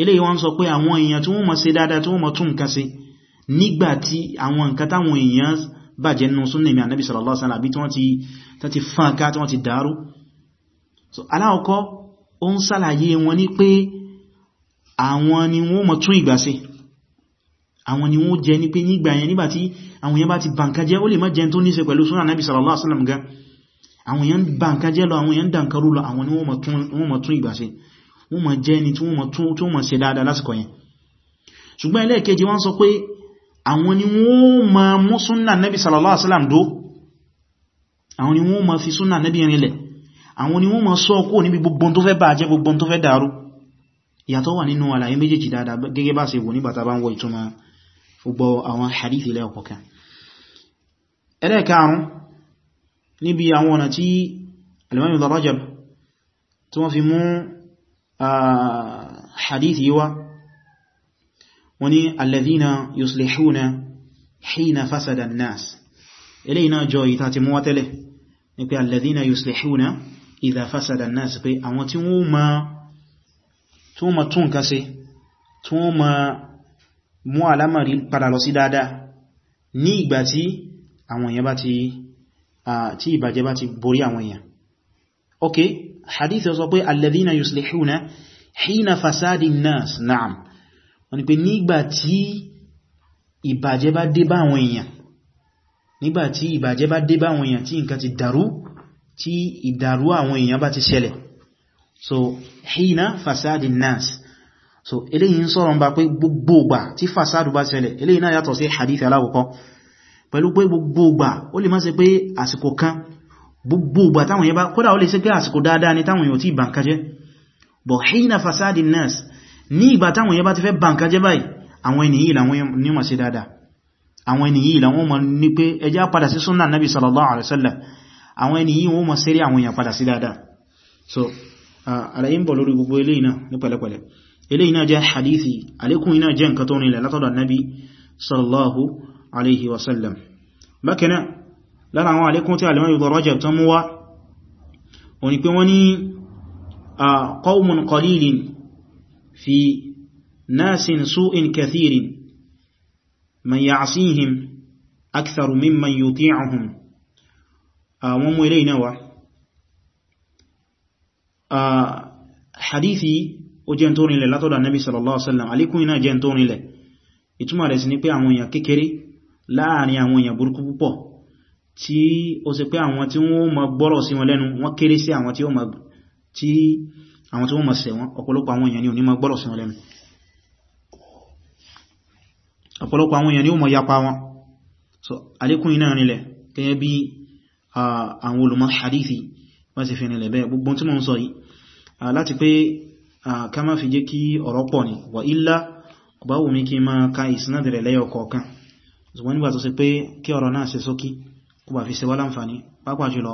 eléyìí wọ́n sọ pé àwọn èèyàn tí wọ́n ma ṣe dáadáa tí wọ́n ma tún kan ṣe nígbà tí àwọn nǹkan táwọn èèyàn bàjẹ́ nínú súnnà mi annabi sallallahu tí wọ́n ti fànká tí wọ́n ti dàrú ó ń sàlàyé wọn ní pé àwọn ni wọ́n mọ̀ tún ìgbà ṣe àwọn ni wọ́n jẹ ní pé nígbà yẹn nígbàtí àwọn yẹn bá ti bànkà jẹ́ ó lè má jẹun tó níṣe pẹ̀lú súnà nábì sallallahu ni wọ́n mọ̀ tún ìgbà ṣe wọ́n mọ̀ jẹ́ ni tí wọ́n mọ̀ tún tó mọ̀ ṣe dáadáa lásìkò yẹn ṣùgbọ́n ẹlẹ́ẹ̀kejì wọ́n sọ pé àwọn ni wọ́n mọ̀ mú súnà nábì sallallahu alaihi wasallam àwọn ni wọ́n ma sọ kó níbi gbogbo tó fẹ́ bàjẹ́ gbogbo tó fẹ́ dàrú ìyàtọ̀ wà nínú àlàyé méjèèjì dáadáa gẹ́gẹ́ bá ṣe wò nígbà tá bá ń wọ ìtumọ̀ gbogbo àwọn hadith ilẹ̀ ọ̀kọ̀kan ẹlẹ́ẹ̀karùn níbi àwọn ọ̀nà tí
alimami Ibn Rajab
alladhina yuslihuna idha fasada an-nas pé àwọn tí wọ́n ma tí wọ́n ma tún nǹkan ṣe tí wọ́n ma mú àlámọ̀rí padà lọ sí dáadáa ní ìgbà tí àwọn èèyàn bá ti tí ìbàjẹ́ bá ti borí àwọn èèyàn ok hadith sọ pé alladhina yuslihuna hina fasadi nas na'am wọ́n ní pé nígbà tí ìbàjẹ́ bá dé bá àwọn èèyàn nígbà tí ìbàjẹ́ bá dé bá àwọn èèyàn tí nǹkan ti dàrú tí ìdàrú àwọn èèyàn bá ti ṣẹlẹ̀ so hina fasadi nas so eléyìn sọ́rọ̀ ń bá pé gbogbogbà tí fasadu bá ṣẹlẹ̀ eléyìn náà yàtọ̀ sí hadith alákọ̀ọ́kọ́ pẹ̀lú pé gbogbogbà ó lè má ṣe pé àsìkò kan gbogbogbà táwọn èèyàn bá kódà ó lè ṣe pé àsìkò dáadáa ni táwọn but hina fasadi nas ní ìgbà táwọn èèyàn bá ti fẹ́ bà nǹkan jẹ́ báyìí àwọn ènìyàn yìí làwọn ní mọ̀ sí dáadáa àwọn ènìyàn yìí làwọn mọ̀ ní pé àwọn ẹni yìí wọ́n mọ̀ sí rí àwọn èèyàn padà sí dáadáa so àlàyé ń bọ̀ lórí gbogbo eléyìí náà ní pẹ̀lẹ́pẹ̀lẹ́ eléyìí náà jẹ́ hadithi alékún iná jẹ́ nǹkan tó nílẹ̀ látọ̀dọ̀ nabi sallallahu alaihi wasallam bákan náà lára àwọn alékún tí alimọ́ ibn Rajab tó mú wá ó ní pé wọ́n ní qawmun àwọn ah, mú ilé ìnáwà ah, hadithi ó jẹ́ tó rinlẹ̀ látọ̀dọ̀ annabi sallallahu alaihi wasallam alikun iná jẹ́ tó rinlẹ̀ ìtumọ̀ rẹ̀ sí ni pé àwọn èèyàn kékeré láàrin àwọn èèyàn burúkú púpọ̀ tí ó ṣe pé àwọn tí wọ́n ma gbọ́rọ̀ sí wọn lẹ́nu wọ́n kéré sí àwọn tí wọ́n ma ṣẹ̀ wọ́n ọ̀pọ̀lọpọ̀ àwọn èèyàn ni ó ma so alikun iná rinlẹ̀ gẹ́gẹ́ bí àwọn olùmọ̀ hadithi wọ́n sì fi ní lẹ̀bẹ̀ gbogbo tí mo ń sọ yìí láti pé ká má fi jẹ́ kí ọ̀rọ̀ pọ̀ ni wà ílá ọba kí ma ka ìsinádìrẹ̀ lẹ́yọ kọ̀ọ̀kan ṣùgbọ́n nígbà tó sì pé kí ọ̀rọ̀ náà ṣe sókí kó bà fi ṣe wá láǹfààní pápá jùlọ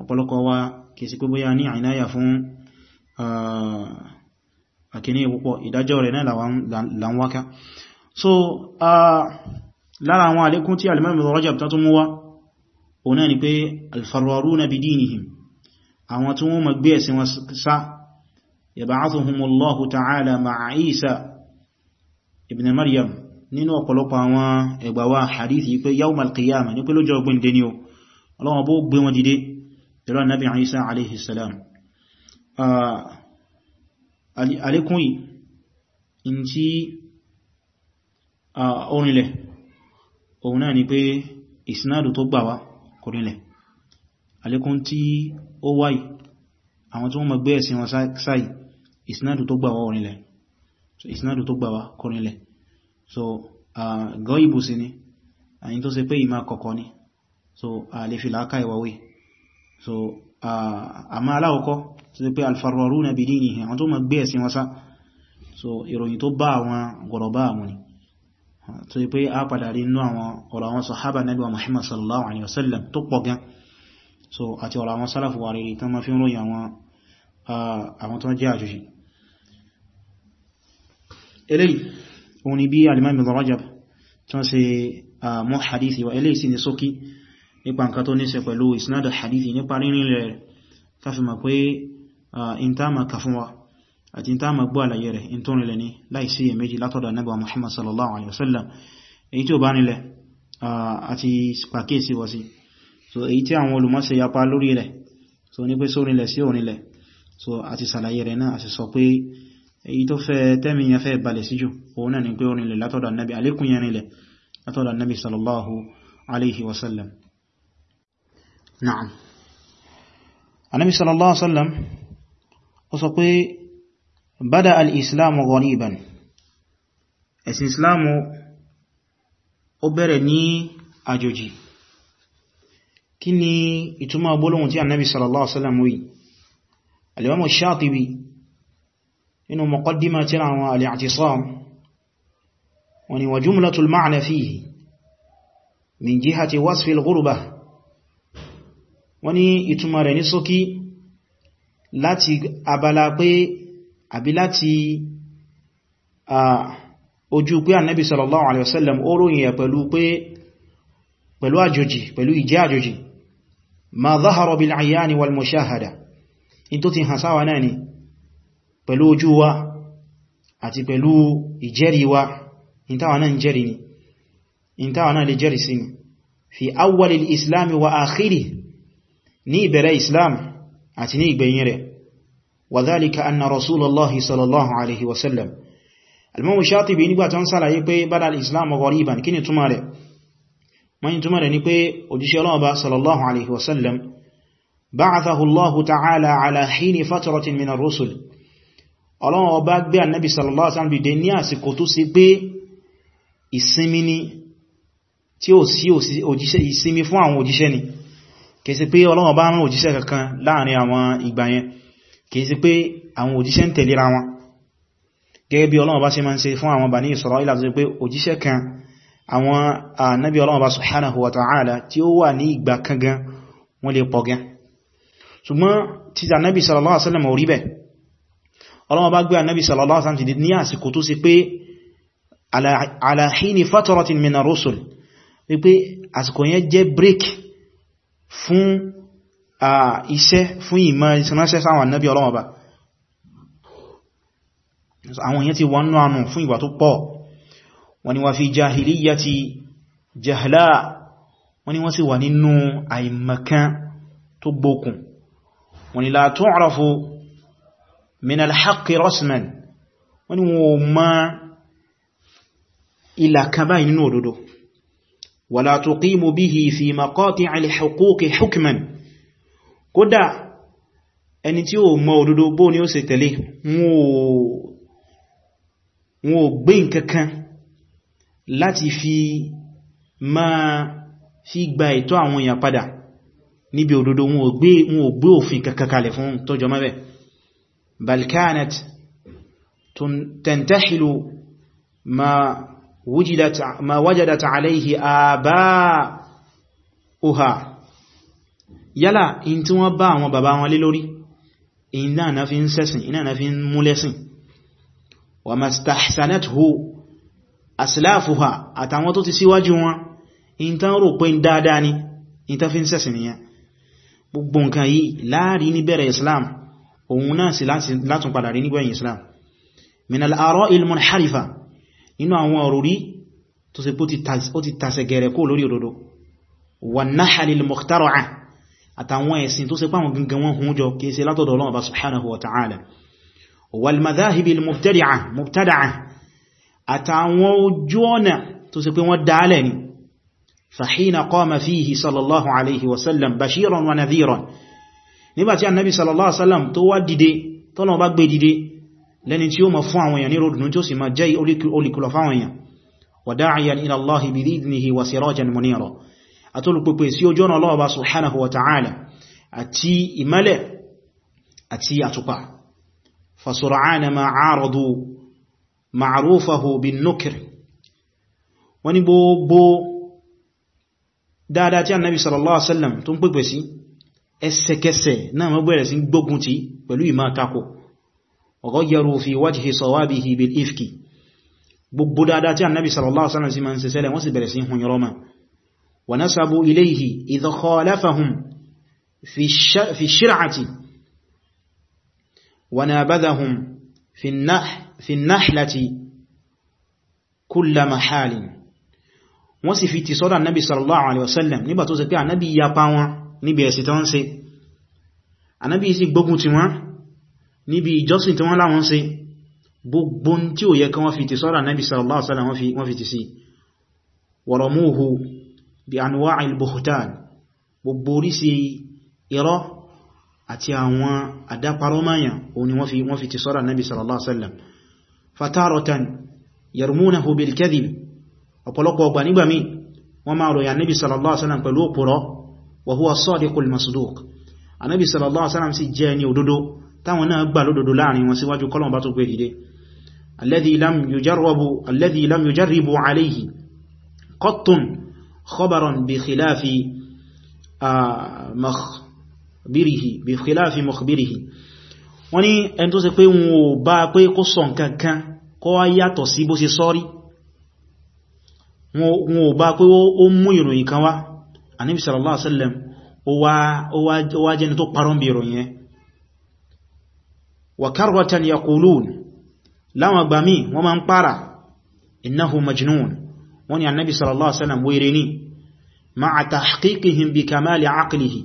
ọ̀pọ̀lọpọ̀ wa kì í sí pé so lára àwọn àlékún tí alimọ́mọ̀ rọ́jà tó mú wá òun náà ni pé alfarwaruna bidinihim àwọn tí wọ́n ma gbé ẹ̀sìn wọn sá yab'athuhumullahu ta'ala ma'a Isa ibn Maryam nínú ọ̀pọ̀lọpọ̀ àwọn ẹgbàwà hadith yí pé yawmal qiyama ní pé lọ́jọ́ ọgbìn dẹni o ọlọ́wọ́n isnadu tó gbà kò rinlẹ̀ alékún tí ó wáyì àwọn tí wọ́n ma gbé ẹ̀sìn wọn sáì ìsinádù tó gbàwà orinlẹ̀ so ìsinádù tó gbàwà kò so gọ́ ìbò sí ni àyín tó ṣe pé ìmá kọ̀kọ́ ni so a lè fi láákà ìwàwé so àmá aláwọ̀kọ́ tó ṣe pé alfarwaruna bidinihi àwọn tó ma gbé ẹ̀sìn wọn sá so ìròyìn tó bá àwọn gọ̀rọ̀ bá tó yí pé a padà rí inú àwọn ọ̀rọ̀ àwọn sahaba nabi wa muhammad sallallahu alaihi wasallam tó pọ̀ gan so àti ọ̀rọ̀ àwọn sálàfù wà rere tán ma fi ń ròyìn àwọn tó jẹ́ àjòjì eléyìí òun ni bí alimami rajab tó ṣe mọ́ hadithi wa eléyìí sí ni sókí nípa nǹkan tó ní ṣe pẹ̀lú isnad hadithi nípa rírin rẹ̀ káfí ma pé in ta wa àti tá ma gbọ́ àlàyé rẹ̀ in tó nílẹ̀ ní láìsí èméjì látọ̀dọ̀ Ànábì Muhammad sallallahu alaihi wasallam èyí tí ó bá nílẹ̀ àti pàkíyèsí wọ́ sí so èyí tí àwọn olùmọ́sẹ̀ yapa lórí rẹ̀ so ní pé sórílẹ̀ sí ònílẹ̀ so àti sàlàyé rẹ̀ náà àti sọ pé èyí tó fẹ́ tẹ́mi yẹn fẹ́ balẹ̀ sí jù òun náà ni pé ònílẹ̀ látọ̀dọ̀ Ànábì alékún yẹn nílẹ̀ látọ̀dọ̀ Ànábì sọ pé بدأ الإسلام غريبا ẹ̀sìn islamu ó bẹ̀rẹ̀ ní àjòjì kí ni ìtumọ̀ gbólóhùn tí annabi sallallahu alaihi wasallam wí alimamu shatibi inú muqaddima tí ra wọn al-i'tisam wani wa jumlatul ma'na fihi min jihati wasfi ghurba wani ìtumọ̀ rẹ̀ ní ṣókí láti abala pé àbí láti ojú pé annabi sallallahu alaihi wasallam ó ròyìn ẹ̀ pẹ̀lú pé pẹ̀lú àjòjì pẹ̀lú ìjẹ́ àjòjì ma zahara bil ayani wal mushahada in tó ti hàn sáwà náà ni pẹ̀lú ojú wa àti pẹ̀lú ìjẹ́rì wa in táwà náà وذلك أن رسول الله صلى الله عليه وسلم المو شاطبي نيغبا تان سالاي بي بدا الاسلام غريبا كيني توماري ما ني توماري ني بي اوجيشي الله صلى الله عليه وسلم بعثه الله تعالى على حين فترة من الرسل الله ọba gbé annabi sallallahu alaihi wasallam dìde ní àsìkò tó sì pé ìsinmi ni tí ó sí òjíṣẹ́ ìsinmi fún àwọn òjíṣẹ́ ni kèsì pé ọlọ́run ọba rán òjíṣẹ́ kankan láàrin àwọn ìgbà kìí sí pé àwọn òjíṣẹ́ ń tẹ̀lera wọn gẹ́gẹ́ bí Ọlọ́run bá ṣe máa ń ṣe fún àwọn Bani Isra'ila tó pé òjíṣẹ́ kan àwọn ànábì Ọlọ́run bá subhanahu wa ta'ala tí ó wà ní ìgbà kan gan wọ́n lè pọ̀ gan ṣùgbọ́n tí ànábì sallallahu alaihi wasallam ò rí bẹ́ẹ̀ Ọlọ́run bá gbé ànábì sallallahu alaihi wasallam ní àsìkò iṣẹ́ fún ìmọ̀ ìsinmáṣẹ́ sáwọn annabi ọlọ́wọ́ bá àwọn èyàn ti wọ́n nánú fún ìwà tó pọ̀ wọ́n ni wọ́n fi jahiliyyati jahla wọ́n ni wọ́n sì wà nínú àìmọ̀kan tó gbókun wọ́n ni la tu'rafu min al wọ́n ni wọ́n ma ìlà kódà ẹni tí ó mọ òdodo bó ni ó ṣe tẹ̀lé wọn ò gbé nkankan láti fi máa fi gba ìtọ́ àwọn èèyàn padà níbi òdodo wọn ò gbé òfin kankan kalẹ̀ fún tọ́jọ mẹ́bẹ̀ balkanet tẹ̀ntẹ́ṣìlò ma wajadat alayhi àbá òhà yálà in tí wọ́n bá àwọn bàbá wọn lé lórí iná na fi ń sẹ́sìn iná na fi ń múlẹ́sìn wa mastahsanathu aslafuha àtàwọn tó ti síwájú wọn in tán rò pé dáadáa ni in tán fi ń sẹ́sìn nìyàn gbogbo nǹkan yìí láàrin ní bẹ̀rẹ̀ islam òun náà sì látún padà rí nígbẹ̀yìn islam min al-ara'i al nínú àwọn òrùrí tó ṣe pó ti tàṣẹ̀gẹ̀rẹ̀ kó lórí òdodo wa nahali al àtàwọn ẹ̀sìn tó ṣe pàwọn gangan wọn hún jọ kìí ṣe látọ̀dọ̀ Ọlọ́run bá subhanahu wa ta'ala wal madhahibi mubtadi'a mubtada'a àtàwọn ojú ọ̀nà tó ṣe pé wọ́n dálẹ̀ ni fahina qama fihi sallallahu alaihi wasallam bashiran wa nadhiran nígbàtí annabi sallallahu alaihi wasallam tó wá dìde tọ́lọ̀ bá gbé e àtọ́lùpẹ̀pẹ̀ sí ojú ọ̀nà Ọlọ́run Ọba subhanahu wa ta'ala àti ìmọ́lẹ̀ àti àtùpà fasur'ana ma aradu ma'rufahu bin nukr wani gbogbo dáadáa tí annabi sallallahu alaihi wasallam tó ń pẹ̀pẹ̀ sí ẹsẹ̀kẹsẹ̀ náà mọ́ bẹ̀rẹ̀ sí gbógun ti pẹ̀lú ìmá tako ọgọ́gẹ̀rù fi wájìí sawabihi bil ifki gbogbo dáadáa tí annabi sallallahu alaihi sí ma ń sẹsẹ́lẹ̀ wọ́n sì bẹ̀rẹ̀ sí hun yọrọ máa ونسبوا إليه إذا خالفهم في الشرعة ونابذهم في, النح في النحلة كل محال wọ́n sì fi ti sọ́dọ̀ annabi sallallahu alaihi wasallam nígbà tó ṣe pé annabi ya pa wọn níbi ẹ̀sìn tí wọ́n ṣe annabi sì gbógun ti wọ́n níbi ìjọsìn tí wọ́n láwọn ṣe gbogbo tí ó yẹ kí wọ́n fi ti sọ́dọ̀ annabi sallallahu alaihi wasallam wọ́n fi ti sí waramuhu bí anwa'il buhtan gbogbo oríṣi irọ́ àti àwọn àdáparọ́máyà òun ni wọ́n fi ti sọ́rọ̀ nabi sallallahu alaihi wasallam fataratan yarmunahu bil kadhib ọ̀pọ̀lọpọ̀ ọgbà nígbà míì wọ́n máa ròyìn nabi sallallahu alaihi wasallam pẹ̀lú òpùrọ́ wa huwa sadiqul masduq anabi sallallahu alaihi wasallam sì jẹ́ ẹni òdodo táwọn náà gbà lódodo láàrin wọn síwájú kọ́lọ̀ bá tó خبرا بخلاف مخبره بخلاف مخبره wọ́n ní ẹni tó ṣe pé wọn ò bá pé kó sọ nǹkankan kó wá yàtọ̀ sí bó ṣe sọ́rí wọn ò bá pé ó mú ìròyìn kan wá Ànábì sallallahu alaihi wasallam ó wá jẹni tó parọ́ bí ìròyìn ẹ wa karratan yaqulun láwọn àgbàmí wọ́n máa ń pààrà innahu majnun wọ́n ní annabi sallallahu alaihi wasallam wèrè ní ma'a tahqiqihim bi kamali aqlihi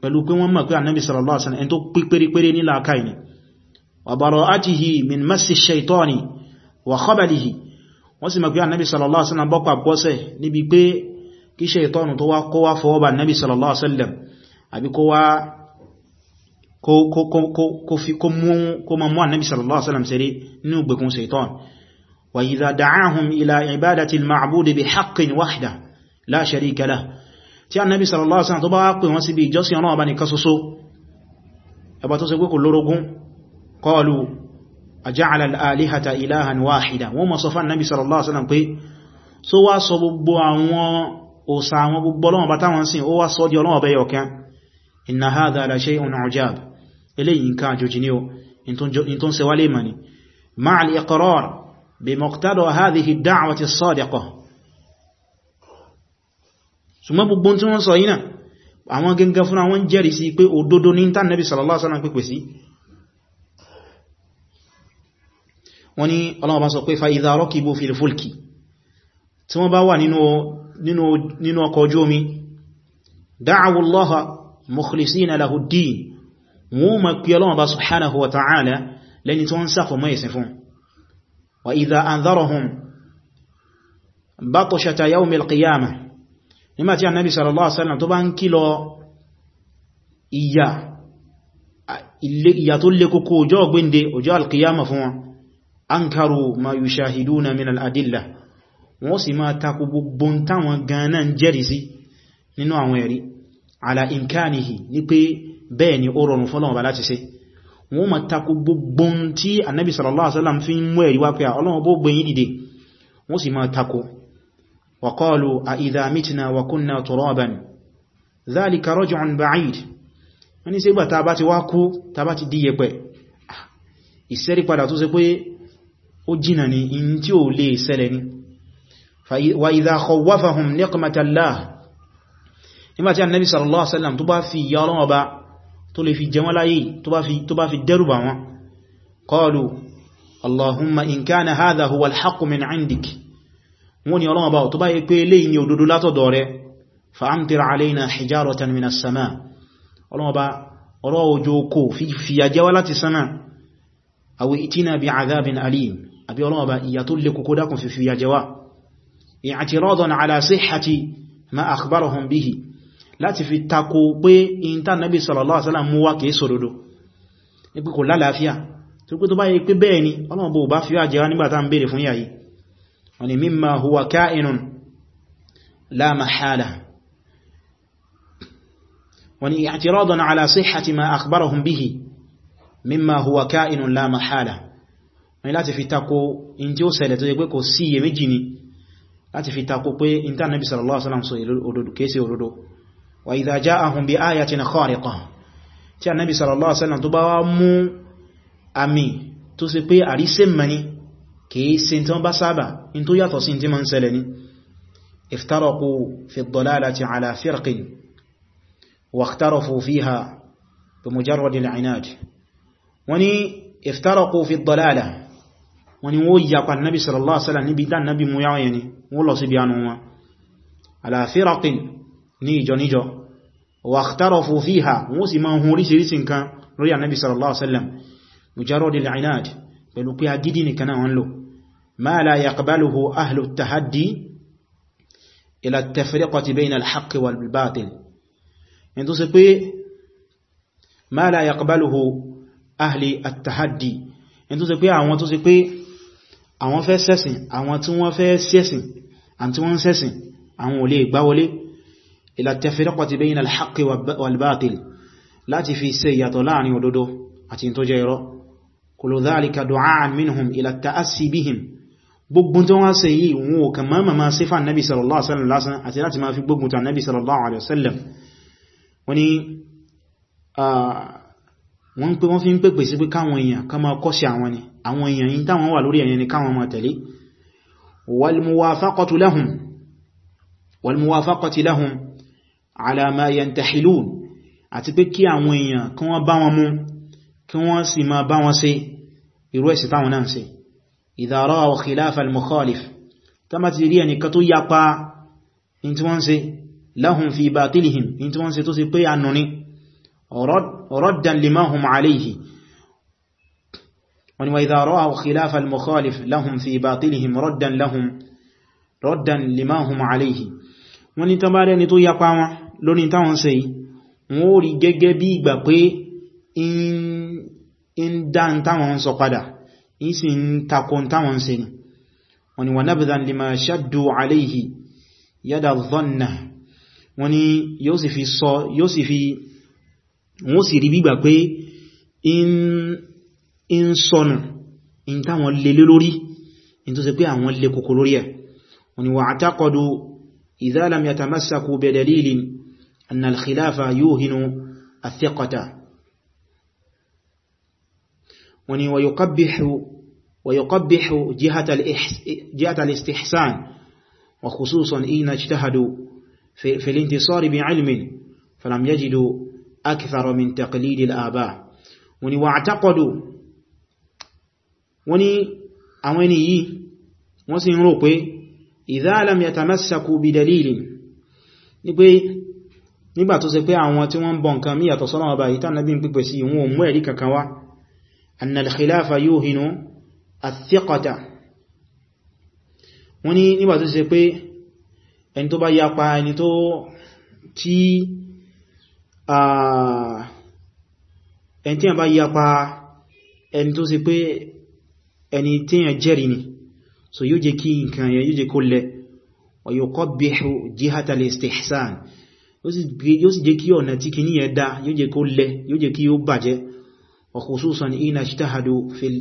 pẹ̀lú pé wọ́n mọ̀ pé annabi sallallahu alaihi wasallam ẹni tó pípérépéré ní làákàí ni wa bara'atihi min massi shaitani wa khabalihi wọ́n sì mọ̀ pé annabi sallallahu alaihi wasallam bọ́pàá bọ́sẹ̀ níbi pé kí shaitanu tó wá kó wá fọwọ́ bá annabi sallallahu alaihi wasallam àbí kó wá kó mú annabi sallallahu alaihi وإذا دعاهم إلى عبادة المعبود بحق وحده لا شريك له tí Ànábì sallallahu alaihi wasallam tó bá pè wọ́n sí bí ìjọsìn Ọlọ́run Ọba nìkan ṣoṣo ẹba tó ṣe pé kò lórogún qalu aja'ala al-alihata ilahan wahida wọ́n mọ̀ sọ fún Ànábì sallallahu alaihi wasallam pé so wá sọ gbogbo àwọn òsà àwọn gbogbo Ọlọ́run Ọba táwọn sìn ó wá sọ di Ọlọ́run Ọba ẹyọ̀kan inna hadha la shay'un ujab eléyìí nǹkan àjòjì ni ó in tó ń ṣe wálé mọ̀ ni ma'al iqrar بمقتضى هذه الدعوة الصادقة ثم بغبون تون سوينا àwọn gangan fún àwọn jẹ́rìí sí pé òdodo ní tán nabi sallallahu alaihi wasallam pípè sí wọ́n ní Ọlọ́run bá sọ pé fa idha rakibu fil fulki tí wọ́n bá wà nínú nínú nínú ọkọ̀ ojú omi da'awu allaha mukhlisina lahu ad-din wọ́n máa pe Ọlọ́run bá subhanahu wa ta'ala lẹ́ni tó ń sá fọ́ mọ́ ìsìn وإذا أنذرهم بطشة يوم القيامة لما تيان النبي صلى الله عليه وسلم طبعا كيلو إياه إياه تلككو جو قندي وجاء القيامة فهم أنكروا ما يشاهدون من الأدلة وسما تكببون تاوان غانا جرسي ننوان ويري على إمكانه نبي بين أورون فلان بلاتي سي wọ́n ma tako gbogbo tí annabi sallallahu alaihi wasallam fi ń mú ẹ̀rí wá pé ọlọ́wọ́ bó gbẹ̀yìn dìde wọ́n sì ma tako wa qalu a idha mitna wa kunna turaban dhalika raj'un ba'id wọ́n ní ṣégbà ta bá ti wá kú ta bá ti di yẹ̀pẹ̀ ah, ìsẹ́rí padà tó ṣe pé ó jìnà ní in tí ó lè ṣẹlẹ̀ ní wa idha khawwafahum niqmatallah nígbàtí annabi sallallahu alaihi tó lè fi jẹ wọ́n láyé tó bá fi dẹ́rùbà wọn qalu allahumma in kana hadha huwa alhaqqu min indik wọ́n ni ọlọ́wọ́ báwọ̀ tó bá yẹ pé eléyìí ni òdodo látọ̀dọ̀ rẹ̀ fa amtir alayna hijaratan min as-sama ọlọ́wọ́ bá ọ̀rọ̀ òjò kò fi yàjẹ́wá láti sánà aw itina bi adhabin alim àbí ọlọ́wọ́ bá ìyà tó lè kókó dákùn fi fi yàjẹ́wá i'tiradan ala sihhati ma akhbarahum bihi láti fi tako pé ìntà nàbí sallallahu alaihi wasallam mú wá kìí sòdodo ní pé kò lálàáfíà tó pé tó bá yẹ pé bẹ́ẹ̀ ni Ọlọ́run bó bá fi wá jẹ́ wá nígbàtà ń bèèrè fún yàyí wọ́n ni mimma huwa ka'inun la mahala wọ́n ni i'tiradan ala sihhati ma akhbarahum bihi mimma huwa ka'inun la mahala wọ́n wa idha ja'ahum bi ayatin khariqah tí annabi sallallahu alaihi wasallam tó bá wá mú àmì tó ṣe pé àríṣe mani kìí ṣe tí wọ́n bá sábà in tó yàtọ̀ sí tí ma ń ṣẹlẹ̀ ní iftaraqu fi ad-dalalati ala firqin wa ikhtarafu fiha bi mujarrad al-inad sallallahu alaihi wasallam níbi dá annabi mú yáwọn yẹni wọ́n lọ sí bí anu wọn ala firqin ní ìjọ níjọ واخترفوا فيها موسي ما هو ريسي ريسي كان لوري النبي صلى الله عليه وسلم مجرد العناد بل بها جدي كان له ما لا يقبله أهل التحدي إلى التفرقة بين الحق والباطل انتو سيبي ما لا يقبله أهل التحدي انتو سيبي àwọn tó سيبي àwọn fẹ́ ṣẹ̀sìn àwọn tí wọ́n fẹ́ ṣẹ̀sìn àti wọ́n ṣẹ̀sìn àwọn ò lè gbà wọlé ila tafriqati bayna al-haqqi wal-batil láti fi ṣe ìyàtọ̀ láàrin òdodo àti tó jẹ́ irọ́ kullu dhalika du'a'an minhum ila ta'assi bihim gbogbo tó wá ṣe yìí wọn ò kàn máa máa sífà nabi sallallahu alaihi wasallam lásán àti láti máa fi gbogbo ta nabi sallallahu alaihi wasallam wani wọ́n pé wọ́n fi ń pèpè sí pé káwọn ala ma yantahilun àti pé kí àwọn èèyàn kí wọ́n bá wọn mú kí wọ́n sì máa bá wọn ṣe irú ẹ̀sìn táwọn náà ṣe idha raw khilafa al-mukhalif tá má ti rí ẹnìkan tó yapa in tí wọ́n ṣe lahum fi batilihim in tí wọ́n ṣe tó ṣe pé ànú raddan lima hum alayhi wọ́n wa idha raw khilafa al-mukhalif lahum fi batilihim raddan lahum raddan lima hum alayhi wọ́n ni tán bá rẹni tó lórí táwọn ṣe yìí wọ́n ó rí gẹ́gẹ́ bí ìgbà pé in dá ń táwọn ń sọ padà in sì ń takon táwọn ṣe ni wọ́n ni wọ́n nabdhan lima shaddu alayhi yada dhanna wọ́n ni yóò sì fi sọ yóò sì fi wọ́n sì rí bígbà pé in sọnù in táwọn lè lórí in tó ṣe pé àwọn lè kòkòrò rí ẹ̀ wọ́n ni wa'taqadu idha lam yatamassaku bi dalilin أن الخلافة يوهن الثقة وني ويقبح ويقبح جهة, جهة الاستحسان وخصوصا إن اجتهدوا في, في الانتصار بعلم فلم يجدوا أكثر من تقليد الآباء وني واعتقدوا وني أويني وسنروقي إذا لم يتمسكوا بدليل nígbà tó ṣe pé àwọn tí wọ́n ń bọ nǹkan mí yàtọ̀ sọ́nà ọba yìí tánàbí ń pípẹ̀ sí ìwọ̀n òmú ẹ̀rí kankan wá annal khilafa yuhinu athiqata wọ́n ní nígbà tó ṣe pé ẹni tó bá yapa ẹni tó tí ẹni tí a bá yapa ẹni tó ṣe pé ẹni tí a jẹ́rìí ni so yóò jẹ́ kí nǹkan yẹn yóò jẹ́ kó lẹ yóò sì jẹ́ kí ọ̀nà tí kì ní ẹ̀dá yóò jẹ́ kó lẹ yóò jẹ́ kí ó bàjẹ́ wa khususan ina ijtahadu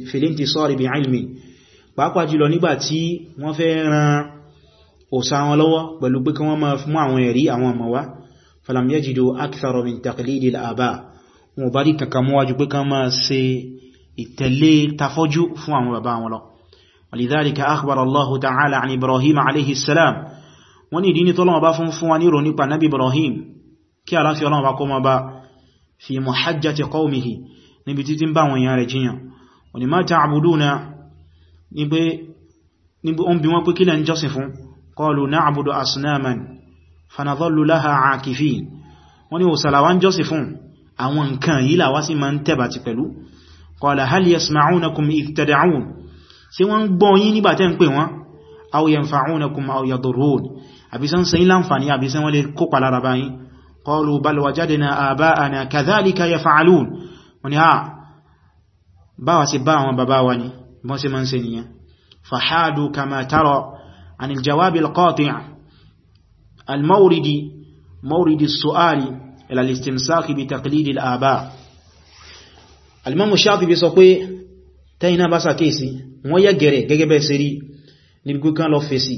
fil-intisari bi'ilmi pàápàá jùlọ nígbà tí wọ́n fẹ́ ran òsà wọn lọ́wọ́ pẹ̀lú pé kí wọ́n máa mú àwọn ẹ̀rí àwọn ọmọ wá wọ́n ní ìdí ní tọ́lọ́wọ́ bá fún fún wa ní ìrònípa nabi ibrahim kí aláfí ọlọ́wọ́ bá kọ́ ma bá fi muhajjati qawmihi níbi títí ń bá wọn yàn rẹ̀ jiyàn wọ́n ní ma ta'buduna ní pé wọ́n bí wọ́n pé kílẹ̀ ń jọ́sìn fún qalu na'budu asnaman fanadhallu laha aakifin wọ́n ní òsàlàwà ń jọ́sìn fún àwọn nǹkan yìí làwá sí ma ń tẹ̀bà ti pẹ̀lú qala hal yasma'unakum idh tad'un ṣé wọ́n gbọ́ yín nígbà tẹ́ ń pè wọ́n aw yanfa'unakum aw yadurrun àbí sán sẹ́yìn láǹfàní àbí sán wọ́n lè kópa lára báyìí qalu bal wajadna aba'ana kadhalika yaf'alun wọ́n ni a ah, báwa sí bá àwọn bàbá wa ni bọ́n sí mọ́n sí nìyàn fahadu kama tara an aljawabi alqati' almawridi mawridi su'ali ila al-istimsaki bi taqlidi al-aba alimamu kan lọ fèsì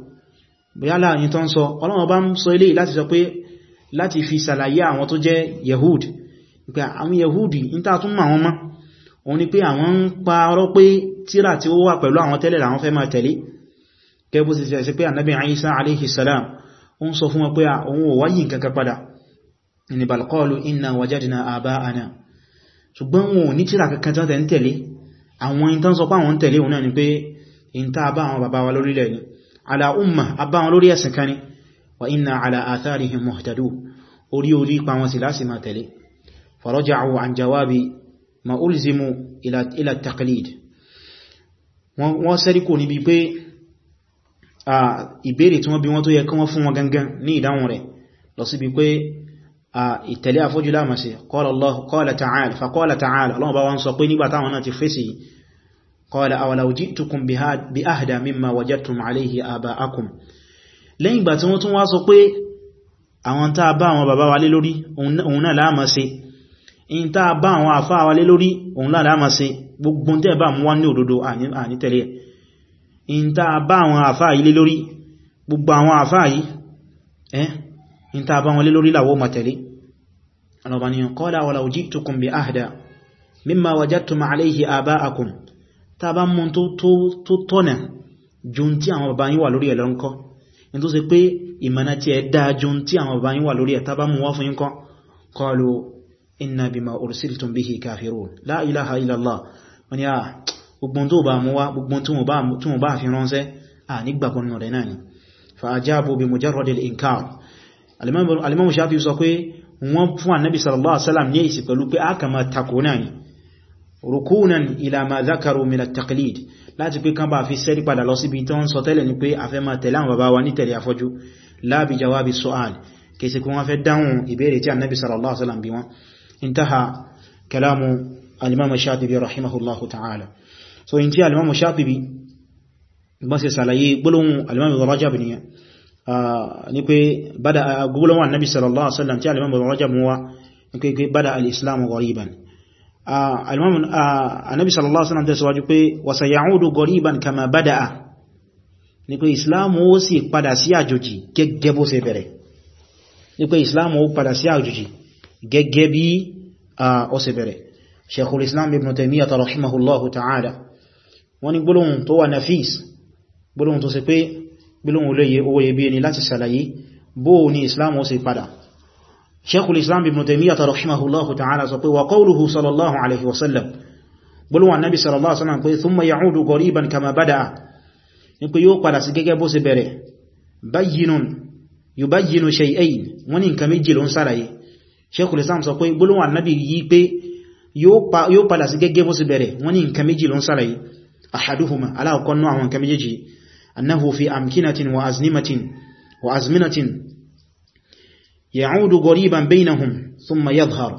bóyá láàrin tó ń sọ ọlọ́wọ́ bá ń sọ ilé láti sọ pé láti fi sàlàyé àwọn tó jẹ́ yehud pé àwọn yehud níta tún ma wọn mọ́ òun ni pé àwọn ń parọ́ pé tíra tí ó wà pẹ̀lú àwọn tẹ́lẹ̀ làwọn fẹ́ máa tẹ̀lé kẹbù sì sẹ́sẹ́ pé ànábì Isa alayhi salam ó ń sọ fún wọn pé òun ò wáyìí nǹkan kan padà ní balqalu inna wajadna aba'ana ṣùgbọ́n wọn ò ní tíra kankan tán tẹ̀ ń tẹ̀lé ala umma abáwọn lórí ẹ̀sìn kan ni wa inna ala atharihim muhtadu orí orí pa wọn sí láti máa tẹ̀lé faraja'u an jawabi ma ulzimu ila ila taqlid wọ́n sẹ́rí kò níbi pé ìbéèrè tí wọ́n bí wọ́n tó yẹ kí wọ́n fún wọn gangan ní ìdáhùn rẹ̀ lọ sí bí pé ìtẹ̀lé àfójú láàmà sí qala Allah qala ta'ala fa qala ta'ala Allah bá wọ́n sọ pé nígbà táwọn náà ti fèsì قال أولو جئتكم بأهدى مما وجدتم عليه آباءكم lẹ́yìn ìgbà tí wọ́n tún wá sọ pé àwọn tá a bá àwọn bàbá wa lé lórí òun náà láàmà ṣe in tá a bá àwọn àfá wa lé lórí òun náà láàmà ṣe gbogbo tẹ́ bá mú wá ní òdodo àní tẹ̀lé in tá a bá àwọn àfá yìí lé lórí gbogbo àwọn àfá yìí eh in tá a bá wọn lé lórí làwọ́ mà tẹ̀lé ọlọ́bàníyàn qala walaw ji'tukum bi ahda mimma wajadtum alayhi aba'akum ta bá mọ́ tó tọ́nà ju tí àwọn bàbá yín wà lórí ẹ̀ lọ́nkọ́ ní tó ṣe pé ìmọ̀nà tí ẹ dáa ju tí àwọn bàbá yín wà lórí ẹ̀ ta bá mú wá fún yín kọ́ qalu inna bima ursiltum bihi kafirun la ilaha illallah wọ́n ni a gbogbo tó bá mú wá gbogbo tí wọ́n bá fi ránṣẹ́ à rukunan ila ma dhakaru min at-taqlid láti pé kan bá fi sẹ́rí padà lọ síbi tó ń sọ tẹ́lẹ̀ ni pé a fẹ́ máa tẹ̀lé àwọn bàbá wa ní tẹ̀lé afọ́jú láàbí jawabi su'al kèsì kún wọ́n fẹ́ dáhùn ìbéèrè tí annabi sallallahu alaihi wasallam bí wọ́n intaha kalamu al-imam shatibi rahimahullahu ta'ala so in ti al-imam shatibi bá ṣe ṣàlàyé gbólóhùn al-imam rajab ni ni pé bada gbólóhùn annabi sallallahu alaihi wasallam tí al-imam rajab wa ni pé bada al-islam ghariban anabi ah, ah, sallallahu alaihi wasallam tẹ̀síwájú pé wasayaudu goriban kama bada'a ní pé islam ó sì padà sí àjòjì gẹ́gẹ́ bó ṣe bẹ̀rẹ̀ ní pé islam ó padà sí àjòjì gẹ́gẹ́ bí ah, ó ṣe bẹ̀rẹ̀ sheikhul islam ibn taymiyyah rahimahullahu ta'ala wọ́n ní gbólóhùn tó wà nafis sheikhul islam ibn taymiyyah rahimahullahu ta'ala sọ pé wa qawluhu sallallahu alaihi wasallam gbólóhùn annabi sallallahu alaihi wasallam pé thumma ya'udu qariban kama bada'a ní pé yóò padà sí gẹ́gẹ́ bó ṣe bẹ̀rẹ̀ bayyinun yubayyinu shay'ain wọ́n ní nǹkan méjì ló ń ṣàlàyé sheikhul islam sọ pé gbólóhùn annabi yìí pé yóò padà sí gẹ́gẹ́ bó ṣe bẹ̀rẹ̀ wọ́n ní nǹkan méjì ló ń ṣàlàyé ahaduhuma aláàkọ́nú àwọn nǹkan méjèèjì annahu fi amkinatin wa aznimatin wa azminatin ya'udu ghariban bainahum thumma yadhhar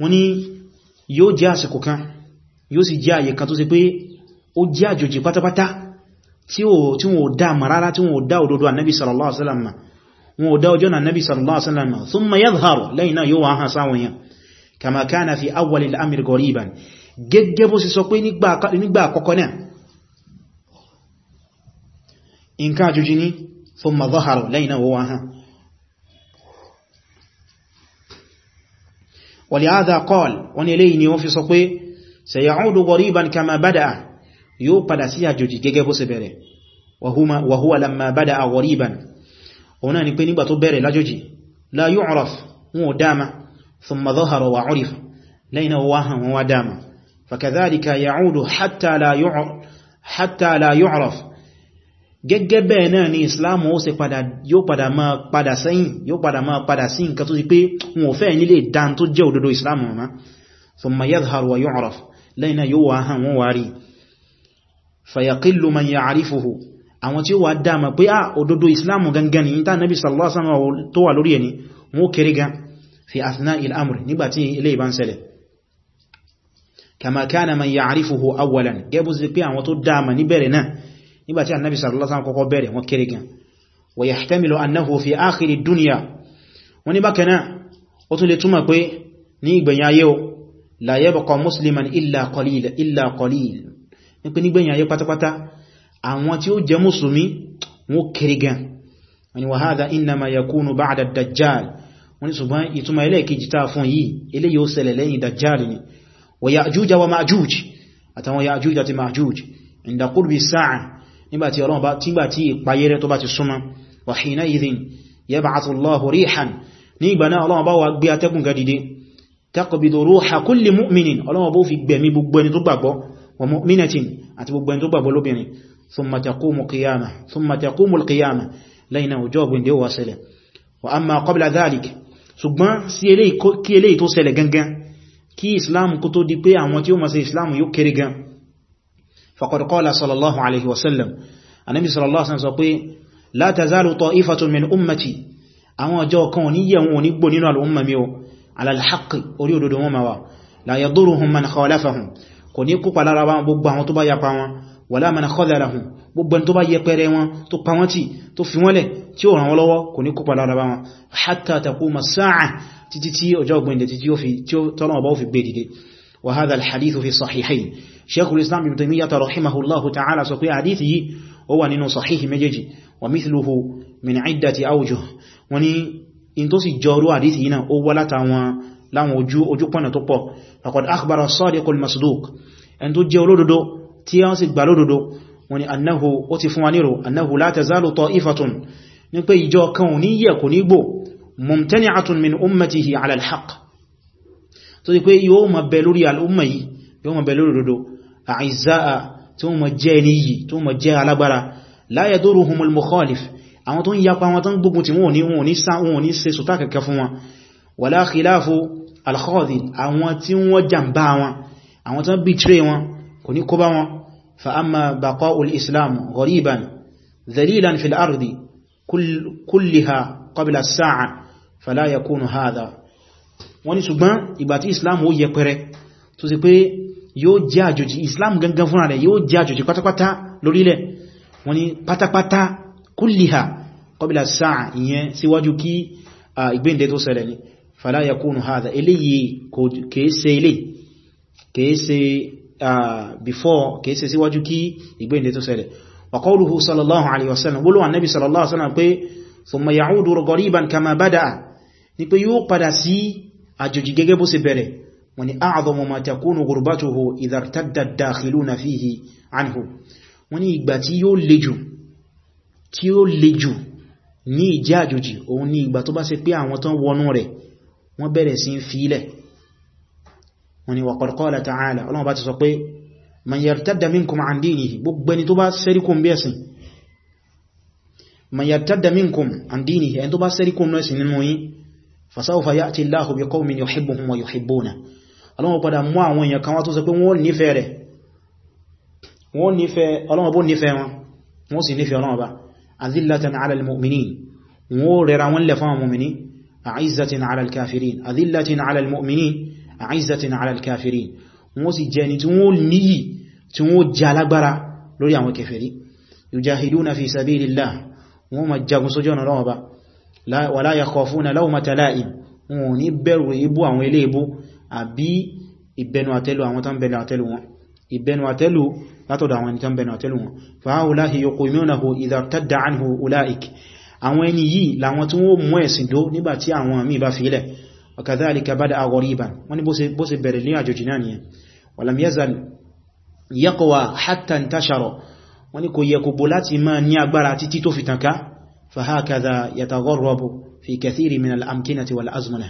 wọ́n ní yóò jẹ́ àsìkò kan yóò sì jẹ́ àyè kan tó sì pé ó jẹ́ àjòjì pátápátá tí wọ́n ò dá marara tí wọ́n ò dá òdodo annabi sallallahu alaihi wasallam wọ́n ò dá ọjọ́ na annabi sallallahu alaihi wasallam thumma yadhhar lẹ́yìn náà yóò wá hàn sáwọn yẹn ولهذا قال ونليني وفي سقوي سيعود غريبا كما بدأ يوبدا سياجوجي gẹ́gẹ́ bó ṣe bẹ̀rẹ̀ وهما وهو لما بدأ غريبا ona ni pé nígbà tó bẹ̀rẹ̀ lájòjì la yu'raf wọn dama thumma dhahara wa 'urif laina wa han wa dama fakadhalika ya'udu hatta la yu'raf hatta la yu'raf gẹ́gẹ́ bẹ́ẹ̀ náà ni islam ó ṣe padà yóò padà máa padà sẹ́yìn yóò padà máa padà sí nǹkan tó ti pé wọn ò fẹ́ nílé dán tó jẹ́ òdodo islam ọ̀má thumma yadhhar wa yu'raf lẹ́yìn náà yóò wá hàn wọ́n wá rí man ya'rifuhu àwọn tí ó wá dáma pé à ah, òdodo islam gangan ni ta tó wà lórí ẹni wọn ó kéré gan fi athna'il amr nígbà ilé ìbá ń ṣẹlẹ̀ kama man ya'rifuhu awwalan gẹ́bù sí pé àwọn tó dáma níbẹ̀rẹ̀ náà nígbàtí annabi sallallahu alaihi wasallam kọ́kọ́ bẹ̀rẹ̀ wọn kéré gan wa yahtamilu annahu fi akhiri dunya wọ́n ní bákan náà ó tún lè túmọ̀ pé ní ìgbẹ̀yìn ayé o la yabqa musliman illa qalil illa qalil ní pé nígbẹ̀yìn ayé pátápátá àwọn tí ó jẹ́ mùsùlùmí wọ́n kéré gan wọ́n ní wa hadha innama yakunu ba'da ad-dajjal wọ́n ní ṣùgbọ́n ya'juj wa ma'juj àtàwọn ya'juj àti ma'juj inda qurbi sa'a nígbàtí ọlọ́run bá tígbàtí ìpayẹ́rẹ́ tó bá ti súnmọ́ wa hina idhin yab'athu Allahu rihan ní ìgbà náà ọlọ́run bá wà gbé atẹ́gùn ga dìde taqbidu ruha kulli mu'minin ọlọ́run bó fi gbẹ̀mí gbogbo ẹni tó gbàgbọ́ wa mu'minatin àti gbogbo ẹni tó gbàgbọ́ lóbìnrin thumma taqumu qiyamah thumma taqumu al-qiyamah lẹ́yìn náà فقد قال صلى الله عليه وسلم النبي صلى الله عليه وسلم لا تزال طائفة من أمتي أما جو كونية ونبنين الأمم على الحق أريد دموما لا يضرهم من خالفهم كونيكو قال ربا ببهم تبا يقاوا ولا من خذلهم ببهم تبا يقروا تقاوتي تفمولي تيو رانولو كونيكو قال ربا حتى تقوم الساعة تتتي أجاوبين تتيو في تلو باو في بيدي وهذا الحديث في صحيحين sheikhul islam ibn taymiyyah rahimahullahu ta'ala sọ pé hadith yìí ó wà nínú sahihi méjèèjì wa mithluhu min iddati awjuh wọ́n ní in tó sì jọrú hadith yìí náà ó wá látàwọn láwọn ojú ojú pọ̀nà tó pọ̀ laqad akhbara as-sadiqul masduq ẹn tó jẹ́ olódodo tí wọ́n sì gbà lódodo wọ́n ní annahu ó ti fún wa nírò annahu la tazalu ta'ifatun ní pé ìjọ kan ò ní yẹ kò ní mumtani'atun min ummatihi ala al-haqq tó ti pé yóò máa bẹ lórí al'umma yìí yóò máa bẹ lórí dodo àìzáà tí wọ́n mọ̀ jẹ́ ẹni yìí tí wọ́n mọ̀ jẹ́ alágbára la yaduruhumul mukhalif àwọn tó ń yapa wọn tó ń gbógun tí wọ́n ní wọ́n ní sá wọ́n ní ṣe sùtá kẹ̀kẹ́ fún wọn wala khilafu alkhadhil àwọn tí wọ́n jàmbá wọn àwọn tó ń wọn kò ní kó bá wọn tó sì pé yóò jẹ́ àjòjì islam gangan fúnra rẹ̀ yóò jẹ́ àjòjì pátápátá lórílẹ̀ wọ́n ní pátápátá kulliha qabla sáà ìyẹn síwájú kí ìgbéǹde tó ṣẹlẹ̀ ni fala yakunu hadha eléyìí kèése ilé kèése before kèése síwájú kí ìgbéǹde tó ṣẹlẹ̀ wa qawluhu sallallahu alaihi wasallam bolo wa nabi sallallahu alaihi wasallam pé thumma ya'udu ghariban kama bada'a ní pé yóò padà sí wọ́n ni a'dhamu ma takunu gurbatuhu idha irtadda ad-dakhiluna fihi anhu wọ́n ni ìgbà tí yóò lejù tí ó lejù ní ìjẹ́ àjòjì òun ni ìgbà tó bá ṣe pé àwọn tán wọnú rẹ̀ wọ́n bẹ̀rẹ̀ sí ń fílẹ̀ wọ́n ni wa qad bi qawmin yuhibbuhum wa yuhibbuna ọlọ́wọ́ padà mú àwọn èèyàn kan wá tó sọ pé wọ́n nífẹ̀ẹ́ rẹ̀ wọ́n nífẹ̀ẹ́ ọlọ́wọ́ bó nífẹ̀ẹ́ wọn wọ́n sì nífẹ̀ẹ́ ọlọ́wọ́ bá azillatan ala almu'minin wọ́n rẹra wọn lẹ̀ fún àwọn mu'mini a'izzatin ala alkafirin azillatin ala almu'minin àbí ìbẹnu àtẹ́lù àwọn tán bẹnu àtẹ́lù wọn ìbẹnu àtẹ́lù látọ̀dọ̀ àwọn ẹni tán bẹnu àtẹ́lù wọn fa'ulahi yuqimunahu idha irtadda anhu ulaik àwọn ẹni yìí làwọn tí wọ́n mú ẹ̀sìn dó nígbàtí àwọn míì bá fílẹ̀ wa kadhalika bada'a ghariban wọ́n ni bó ṣe bẹ̀rẹ̀ ní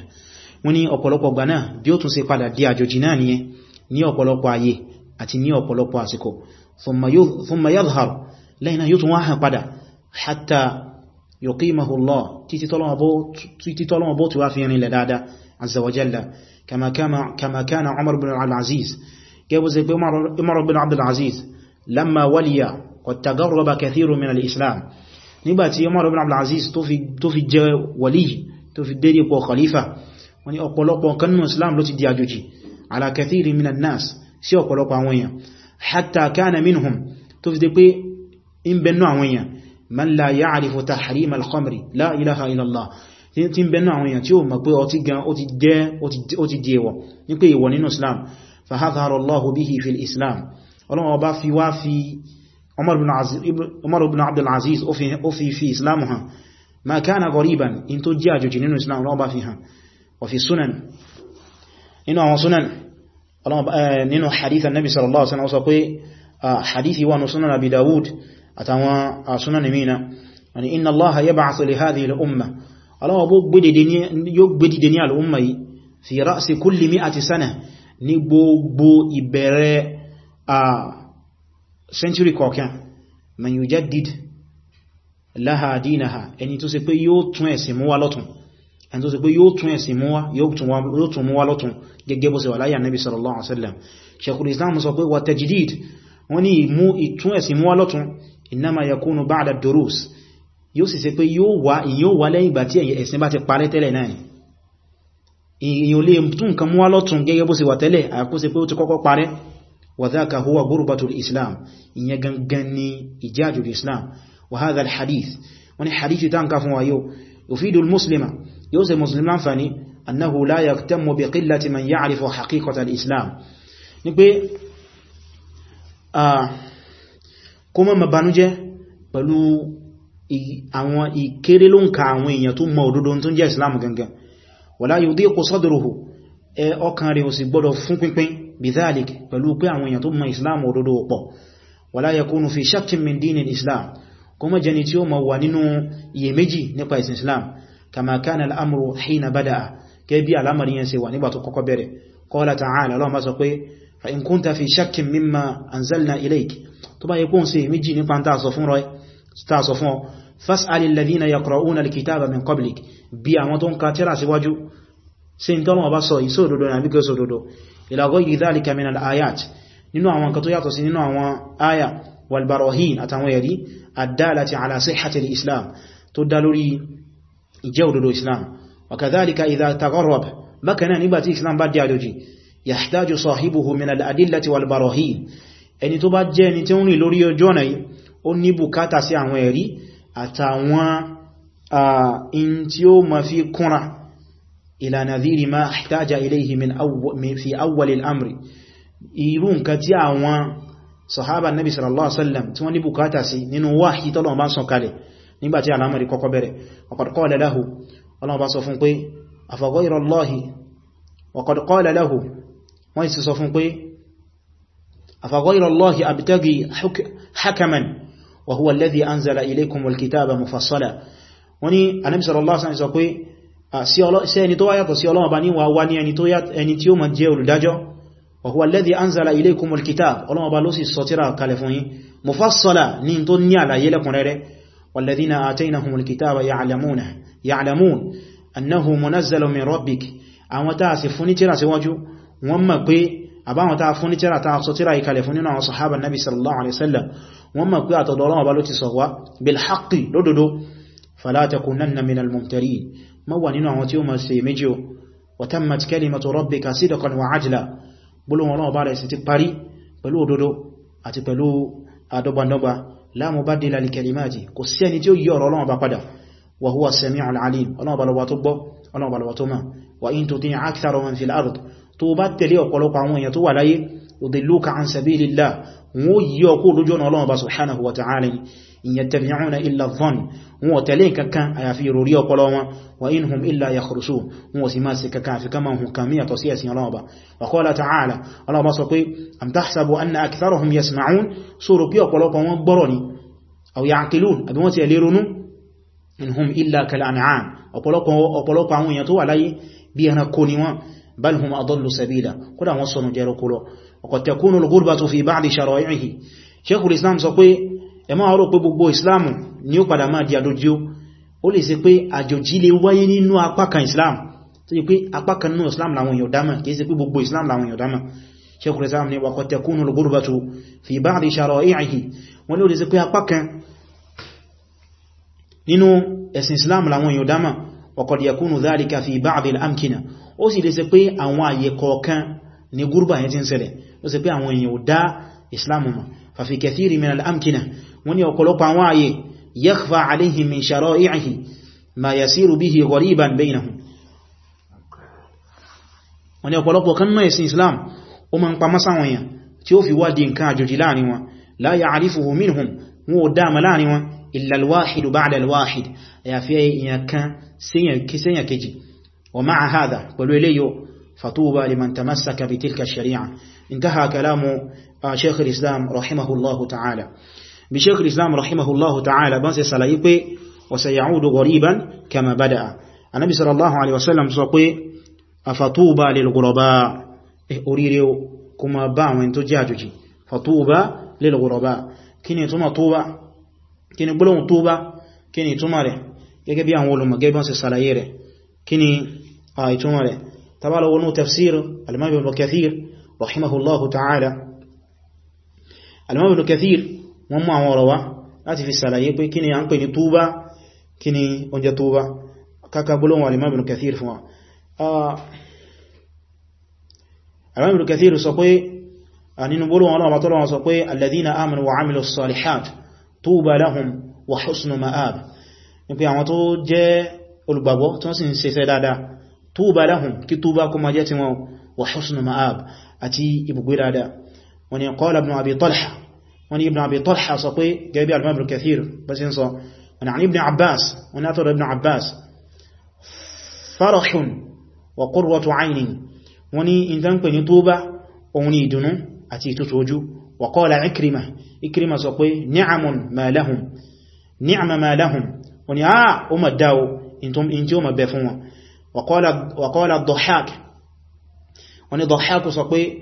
wọ́n ní ọ̀pọ̀lọpọ̀ gbà náà bí ó tún ṣe padà di àjòjì náà nìyẹn ní ọ̀pọ̀lọpọ̀ ayé àti ní ọ̀pọ̀lọpọ̀ àsìkò thumma yadhhar lẹ́yìn náà yóò tún wá hàn padà hatta yuqimahu Allah títí tọ́lọ́wọ́ bó ti wá fi rinlẹ̀ dáadáa azza wa jalla kama kana Umar bin Abdul-Aziz gẹ́gbẹ́ zai pé Umar bin Abdul-Aziz lamma waliya qad tagharraba kathirun min al-Islam nígbàtí Umar bin Abdul-Aziz tó fi jẹ wali tó fi dédé pọ̀ khalifa wọ́n ní ọ̀pọ̀lọpọ̀ nǹkan nínú islam ló ti di àjòjì ala kathiri minan nas sí ọ̀pọ̀lọpọ̀ àwọn èèyàn hatta kana minhum tó fi dé pé in bẹnu àwọn èèyàn man la ya'rifu tahrim al-khamri la ilaha illallah tí ń bẹnu àwọn èèyàn tí ó mọ̀ pé ọtí gan ó ti jẹ́ ó ti di èwọ̀ ní pé èwọ̀ nínú islam fahadhara allahu bihi fil islam ọlọ́run ọba fi wá fi umar ibn abdul ma kana ghariban in tó jẹ́ àjòjì nínú islam ọlọ́run ọba fi hàn وفي السنن nínú àwọn sunan eh, nínú hadith annabi sallallahu alaihi wasallam sọ pé ah, hadithi wa nu sunan abi dawud àtàwọn ah, sunan mina wani inna allaha yab'athu li hadhihi al-umma alawa bo gbedede ni yo gbedede ni al-umma yi fi ra'si kulli mi'ati sana ní gbogbo ìbẹ̀rẹ̀ a ah, century kọ̀ọ̀kan man yujaddid laha dinaha ẹni tó ṣe pé yóò tún ẹ̀sìn mú wá lọ́tun ẹni tó sì pé yóò tún ẹ̀sìn mú wá yóò tún mú wá lọ́tún gẹ́gẹ́ bó ṣe wà láyé Ànábì sallallahu alaihi wasallam Shaykhul Islam sọ pé wa tajdid wọ́n ní ìmú ìtún ẹ̀sìn mú wá lọ́tún innama yakunu ba'da durus yóò sì ṣe pé yóò wá ìyóò wá lẹ́yìn ìgbà tí ẹ̀sìn wà tẹ́lẹ̀ àkóṣe pé ó ti kọ́kọ́ parẹ́ وذاك هو غربة الإسلام إن يغنغني إجاج الإسلام وهذا الحديث وني حديث تانكا فوايو يفيد المسلم yóò ṣe musulmi láǹfàní annahu la yaktammu bi qillati man ya'rifu haqiqata al-islam ní pé kó mọ́ ma banújẹ́ pẹ̀lú àwọn ìkéré ló ń ka àwọn èèyàn tó mọ òdodo tó ń jẹ́ islam gangan wala yudiqu sadruhu ọkàn rẹ̀ ò sì gbọ́dọ̀ fún pínpín bidhalik pẹ̀lú pé àwọn èèyàn tó mọ islam òdodo pọ̀ wala yakunu fi shakkin min din al-islam kó mọ́ jẹni tí ó mọ wà nínú iyèméjì nípa ìsìn islam كما كان الأمر حين بدأ كيبي الأمر ينسي ونبا تقوك بره قال تعالى اللهم سقوي فإن كنت في شك مما أنزلنا إليك تبا يكون سي مجي نبا تعصفون فاسأل الذين يقرؤون الكتاب من قبلك بي أمتون كاترا سواجو سينتلوا بصو يسودو دون أبيك يسودو إلى غير ذلك من الآيات nínú àwọn nǹkan tó yàtọ̀ sí nínú àwọn aya walbarohin àtàwọn ẹ̀rí àdálàtí ala sihhatil islam tó dá lórí ìjẹ́ òdodo islam wakadhalika idha tagharrab bákan náà nígbàtí islam bá di àjòjì yahtaju sahibuhu min al-adillati wal barahin ẹni tó bá jẹ́ ẹni tí ó ń rìn lórí ọjọ́ ọ̀nà yìí ó ní bùkátà sí àwọn ẹ̀rí àtàwọn in tí ó ma fi kúnra ila nadhiri ma ihtaja ilayhi fi nígbàtí alamari kọ́kọ́ bẹ̀rẹ̀ waqad qala lahu ọlọ́run bá sọ fún pé afa ghayra Allahi waqad qala lahu wọ́n sì sọ fún pé afa ghayra Allahi abtaghi hakaman wa huwa alladhi anzala ilaykumul kitaba mufassala wọ́n ni Ànábì sallallahu alaihi wasallam sọ pé sí ẹni tó wáyàtọ̀ sí ọlọ́run bá ní wà wá ní ẹni tí ó ma jẹ́ olùdájọ́ wa huwa alladhi anzala ilaykumul kitab ọlọ́run bá ló sì sọ tírà kalẹ̀ fún yín mufassala ní tó ní àlàyé lẹ́kùnrẹ́rẹ́ والذين آتينهم الكتاب يعلمونه يعلمون أنه منزل من ربك àwọn tàà sì fún ní tíra síwájú wọ́n mọ̀ pé àbáwọn tàà fún ní tíra tàà sọ tíra ìkalẹ̀ fún nínú àwọn sahaba nabi sallallahu alaihi wasallam wọ́n mọ̀ pé àtọ̀dọ̀ Ọlọ́run bá ló ti sọ wá bil haqqi lódodo fala takunanna la mubaddila li kalimati kò sí ẹni tí ó yí ọ̀rọ̀ Ọlọ́run bá padà wa huwa sami'ul alim Ọlọ́run bá lọ́wà tó gbọ́ Ọlọ́run bá lọ́wà tó mọ̀ wa in tuti' akthara man tó bá tẹ̀lé ọ̀pọ̀lọpọ̀ àwọn yattabi'una illa dhann wọn tẹ̀lé kankan àyàfi ìròrí ọpọlọ wọn wa in hum illa yakhrusun wọn sì máa ṣe kankan àfi kama hùn kan míyàtọ̀ sí ẹ̀sìn ọlọ́ọ̀bá wa qala ta'ala ọlọ́ọ̀bá sọ pé am tahsabu anna aktharahum ẹ máa rò pé gbogbo islamu ni ó padà máa di àjòjì ó lè ṣe pé àjòjì lè wáyé nínú apá kan islam tó yí pé apá kan nínú islam làwọn èèyàn dámà kìí ṣe pé gbogbo islam làwọn èèyàn dámà Shaykhul Islam ni waqad takunu al-ghurbatu fi ba'd shara'i'ihi wọ́n lè ṣe pé apá kan nínú ẹ̀sìn islam làwọn èèyàn dámà waqad yakunu wọ́n ní ọ̀pọ̀lọpọ̀ àwọn ààyè yakhfa alayhi min shara'ihi ma yasiru bihi ghariban bainahum wọ́n ní ọ̀pọ̀lọpọ̀ kan náà ẹ̀sìn Islam ó ma ń pa masa wọn yàn tí ó fi wá di nǹkan bí sheikh islam rahimahullahu ta'ala bọ́n ṣe sàlàyé pé wa sayaudu ghariban kama bada'a anábi sallallahu alaihi wasallam sọ pé afatuba lil ghuraba eh, oríire kuma bá àwọn tó jẹ́ àjòjì fatuba lil ghuraba kí ni túnmà tuba kí ni gbólóhùn tuba kí ni túnmà rẹ̀ gẹ́gẹ́ bí àwọn olùmọ̀ gẹ́gẹ́ bọ́n ṣe sàlàyé rẹ̀ kí ni àìtúnmà rẹ̀ tabala wọnú tafsir al-imam ibn kathir rahimahullahu ta'ala al-imam ibn kathir wọ́n mú àwọn ọ̀rọ̀ wá láti fi sàlàyé pé kí ni a ń pè ní túbá kí ni oúnjẹ túbá kaka gbólóhùn al-Imam Ibn Kathir fún wa al-Imam Ibn Kathir sọ pé nínú gbólóhùn ọlọ́wọ́ tọ́lọ́wọ́ sọ pé alladhina amanu wa amilu salihat tuba lahum wa husnu ma'ab ní pé àwọn tó jẹ́ olùgbàgbọ́ وني ابن أبي طلحة صقي جايبي المام الكثير بس ينصى عن ابن عباس ونأثر ابن عباس فرح وقرة عين وني إن تنقل نطوبة وني دنو أتي تتوجو وقال عكرمة عكرمة صقي نعم ما لهم نعم ما لهم وني آه أم الداو انتم انتم بفوا وقال, وقال الضحاك وني ضحاك صقي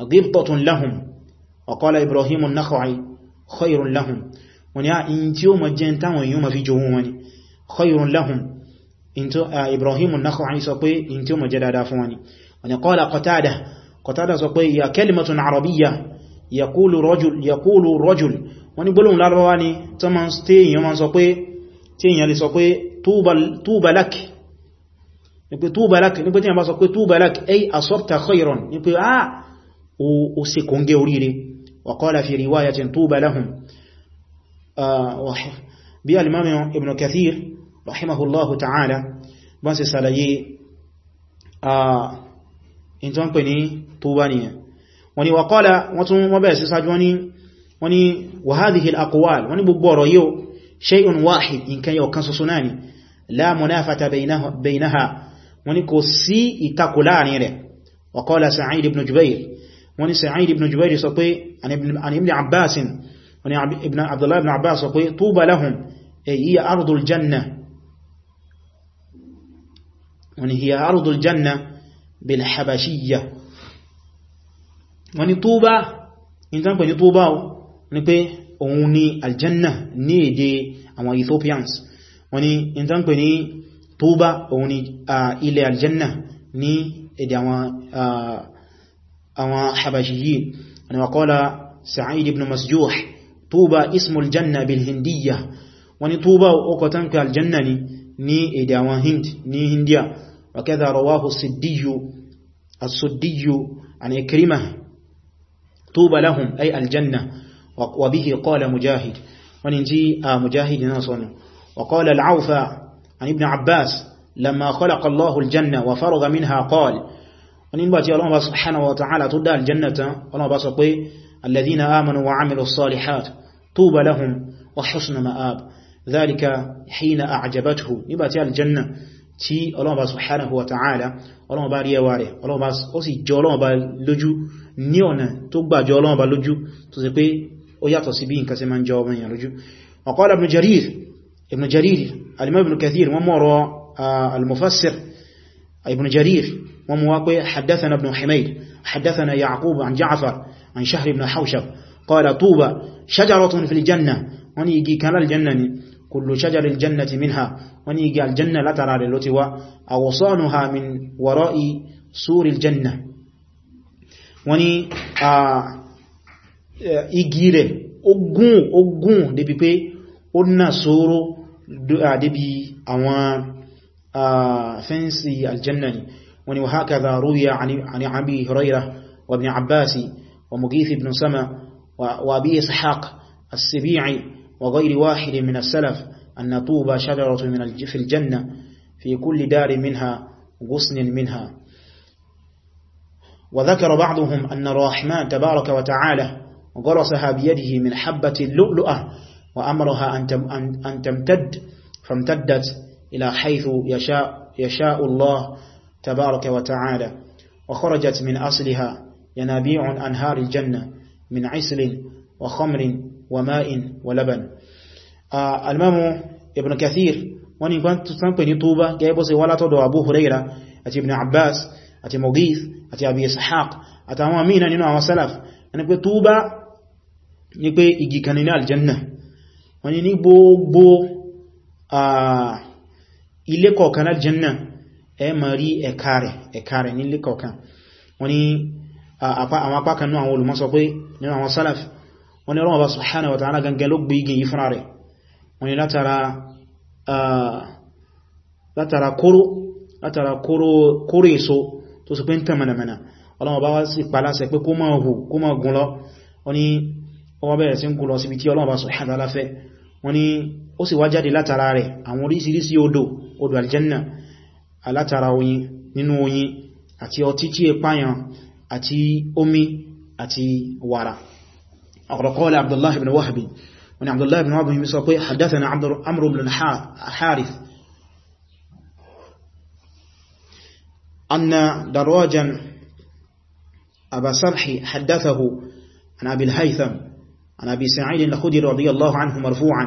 غبطة لهم وقال إبراهيم النخعي خير لهم ونيا انتو مجنتا ويوم في جووني خير لهم انتو إبراهيم النخعي سوكوي انتو مجدادا فواني ونقال قتادة قتادة سوكوي يا كلمة عربية يقول رجل يقول رجل ونقولون لاربواني تمام ستين يوم سوكوي tí èyàn lè sọ pé túbalak ní pé túbalak ní pé tí a bá sọ pé túbalak ay asọ́ta khairan ní pé ah o se kòǹgẹ́ oríire وقال في رواية طوبى لهم بالإمام ابن كثير رحمه الله تعالى بس سلايي in tó ń pè ní tuba nìyàn wani wa qala wọ́n tún wọ́n bẹ̀rẹ̀ sí sáájú wọ́n ni wa hadhihi al-aqwal wọ́n ni gbogbo ọ̀rọ̀ yíò shay'un wahid nǹkan yóò kan soso náà ni la munafata bainaha wọ́n ni kò sí ìtakò láàrin rẹ̀ wa qala Sa'id ibn Jubair wọ́n ní Sa'id ibn Jubayr sọ pé an ibn Abbas wọ́n ní ibn Abdullah ibn Abbas sọ pé tuba lahum e hiya ardul janna wọ́n ní hiya ardul janna bil habashiyya wọ́n ní tuba in tan pè ni aljanna ní èdè àwọn Ethiopians wọ́n ní in tan pè tuba òun ni ilẹ̀ aljanna ní èdè àwọn أو حبشيين يعني وقال سعيد بن مسجوح طوبى اسم الجنة بالهندية وني طوبى وقتنك الجنة ني إداوان هند ني هندية وكذا رواه الصدي الصدي عن إكرمه طوبى لهم أي الجنة وبه قال مجاهد وننجي آه مجاهد ناصر وقال العوفى عن ابن عباس لما خلق الله الجنة وفرغ منها قال nígbàtí Ọlọ́run bá subhanahu wa ta'ala tó dá aljanna tán Ọlọ́run bá sọ pé alladhina amanu wa amilu salihat tuba lahum wa husna ma'ab dhalika hina a'jabathu nígbàtí aljanna tí Ọlọ́run bá subhanahu wa ta'ala Ọlọ́run rí ẹwà rẹ̀ ابن جرير ومواقع حدثنا ابن حميد حدثنا يعقوب عن جعفر عن شهر بن حوشب قال طوبى شجرة في الجنة وني يجي كان الجنة كل شجر الجنة منها وني يجي الجنة لا ترى للتوى أوصانها من وراء سور الجنة وني igi rẹ̀ ogun ogun débi pé ó nà sóró débi àwọn آه، فنسي الجنة وهكذا روي عن أبي هريرة وابن عباس ومقيث بن سما وأبي إسحاق السبيعي وغير واحد من السلف أن طوبى شجرة من في الجنة في كل دار منها غصن منها وذكر بعضهم أن الرحمن تبارك وتعالى غرسها بيده من حبة اللؤلؤة وأمرها أن تمتد فامتدت إلى حيث يشاء, يشاء الله تبارك وتعالى وخرجت من أصلها ينابيع أنهار الجنة من عسل وخمر وماء ولبن آه المام ابن كثير wọ́n ni gbọ́n tún pè ní túbá gẹ́gẹ́ bó ṣe wá látọ̀dọ̀ Abu Huraira àti Ibn Abbas àti Mughith àti Abi Ishaq àti àwọn amina nínú àwọn salaf ẹni pé túbá ní pé igi kan ní aljanna wọ́n ni ní gbogbo ilé kọ̀ọ̀kan aljanna ẹ ma rí ẹ̀ka rẹ̀ ẹ̀ka rẹ̀ ní ilé kọ̀ọ̀kan wọ́n ní àwọn apákanú àwọn olùmọ́sọ pé nínú àwọn salaf wọ́n ní Ọlọ́hun subhanahu wa ta'ala gangan ló gbé igi yìí fúnra rẹ̀ wọ́n ní látara látara kóró látara kóró èso tó sì pé ń tàn mẹ́nàmẹ́nà Ọlọ́hun bá wá sí paláṣẹ pé kó wọ́n ní ó sì wá jáde látara rẹ̀ àwọn orísìírísí odò odò aljanna alátara oyin nínú oyin àti ọtí tí è páyàn àti omi àti wàrà ọ̀rọ̀kọ́lá abdullahi ibn wahbi wani abdullahi ibn wahbi عن أبي سعيد الخدري رضي الله عنه مرفوعا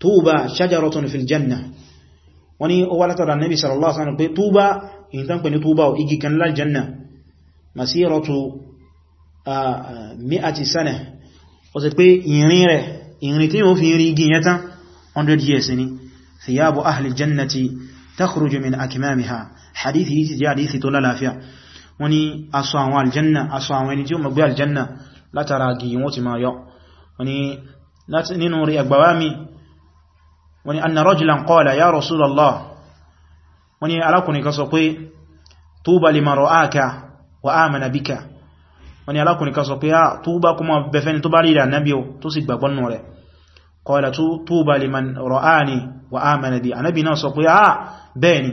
طوبى شجرة في الجنة وني أولا ترى النبي صلى الله عليه وسلم طوبى إن تنقل طوبى وإيجي كان لا الجنة مسيرة مئة سنة وزيكي ينيره ينيتين وفي ينيجينيتا 100 years ni ثياب أهل الجنة تخرج من أكمامها حديث يتي جاء حديث طول الافيا وني أصوان الجنة أصوان وني جو مقبال الجنة لا ترى جيوت ما يؤ wani láti nínú rí agbawa mi wani anna rajulan qala ya rasulallah wani alákùnrin kan sọ pé tuba liman ra'aka wa amana bika wani alákùnrin kan sọ pé ah, tuba kuma befeni tó bá rí da nabi o tó sì gbàgbọ́ nù rẹ̀ qala tuba liman ra'ani wa amana bi anabi náà sọ pé a ah, bẹ́ẹ̀ni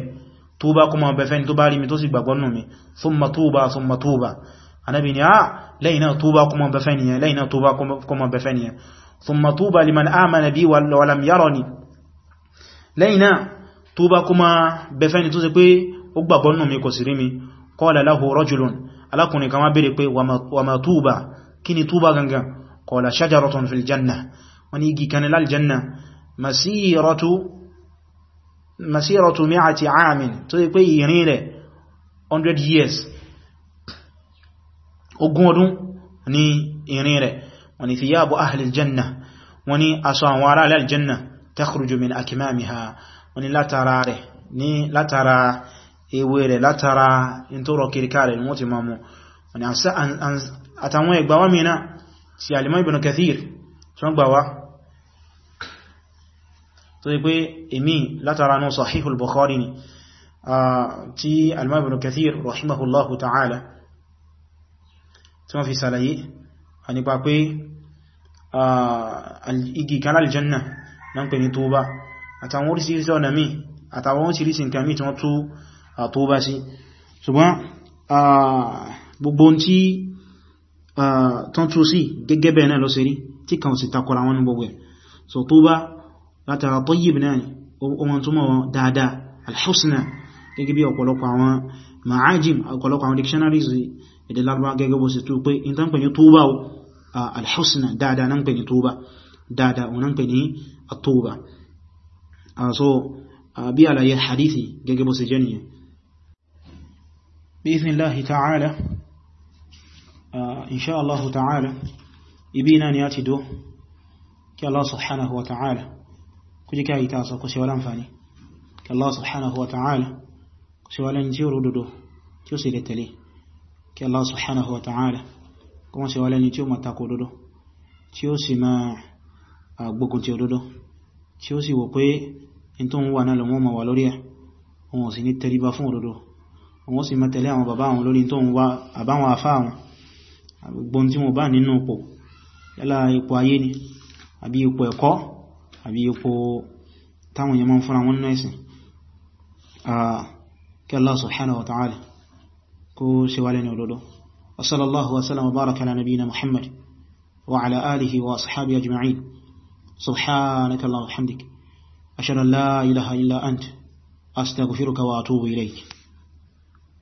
tuba kuma befeni tó bá rí mi tó sì gbàgbọ́ mi thumma tuba thumma tuba anábi ni a ah, lẹ́yìn náà túbá kọmọ bẹ̀fẹ́ nìyẹn lẹ́yìn náà túbá kọmọ bẹ̀fẹ́ nìyẹn thumma túbá liman amana bí wa lam yarani lẹ́yìn náà túbá kọmọ bẹ̀fẹ́ ni tó ṣe pé ó gbàgbọ́ nù mi kò sí rí mi qala lahu rajulun alákùnrin kan wá bèèrè pé wa ma túbá kí ni túbá 100 years ogún ọdún ní ìrìn rẹ̀ wọ́n ní thiyabu ahli aljanna wọ́n ní aṣọ àwọn ará aljanna takhruju min akmamiha wọ́n ní látara rẹ̀ ní látara ewé rẹ̀ látara ìntòrò kìríkà rẹ̀ ni wọ́n ti máa mú wọ́n ní àtàwọn ẹgbàwà mìíràn sí alimọ́ ibn kathir sọ́n gbàwà ah, ta'ala tí wọ́n fi sàlàyé a nípa pé igi kan aljanna na ń pè ní tóbá àtàwọn orísìírísìí ọ̀nà mí àtàwọn orísìírísìí nǹkan mí tí wọ́n tó tóbá sí ṣùgbọ́n gbogbo tí tán tó sí gẹ́gẹ́ bẹ́ẹ̀ náà lọ sí rí tí kan sì takọra wọn ní gbogbo ẹ̀ so èdè Lárúbáwá gẹ́gẹ́ bó ṣe tú pé in tán pè ní túbá o alhusna dáadáa náà pè ní túbá dáadáa òun náà pè ní àtúbá so bí àlàyé hadithi gẹ́gẹ́ bó ṣe jẹ́ nìyẹn bí ìsìn láhì ta'ala inṣá Allah ta'ala ibi náà ni a ti dó kí Allah subhanahu wa ta'ala kú jí káyí ta sọ kó ṣe wá láǹfàní kí Allah subhanahu wa ta'ala kó ṣe wá lẹ́yìn tí ó ròdòdó tí ó sì lè tẹ̀lé kí Allah subhanahu wa ta'ala kó wọ́n ṣe wá lẹ́ni tí ó máa takò òdodo tí ó sì máa gbógun ti òdodo tí ó sì wò pé in tó ń wà náà lọ́wọ́ ma wà lórí ẹ̀ wọn sì ní tẹríba fún òdodo wọn sì máa àwọn bàbá àwọn lórí tó ń wá àbáwọn afá àwọn كو ولولو وصلى الله وسلم وبارك على نبينا محمد وعلى آله وأصحابه أجمعين سبحانك الله وحمدك أشهد أن لا إله إلا أنت أستغفرك وأتوب إليك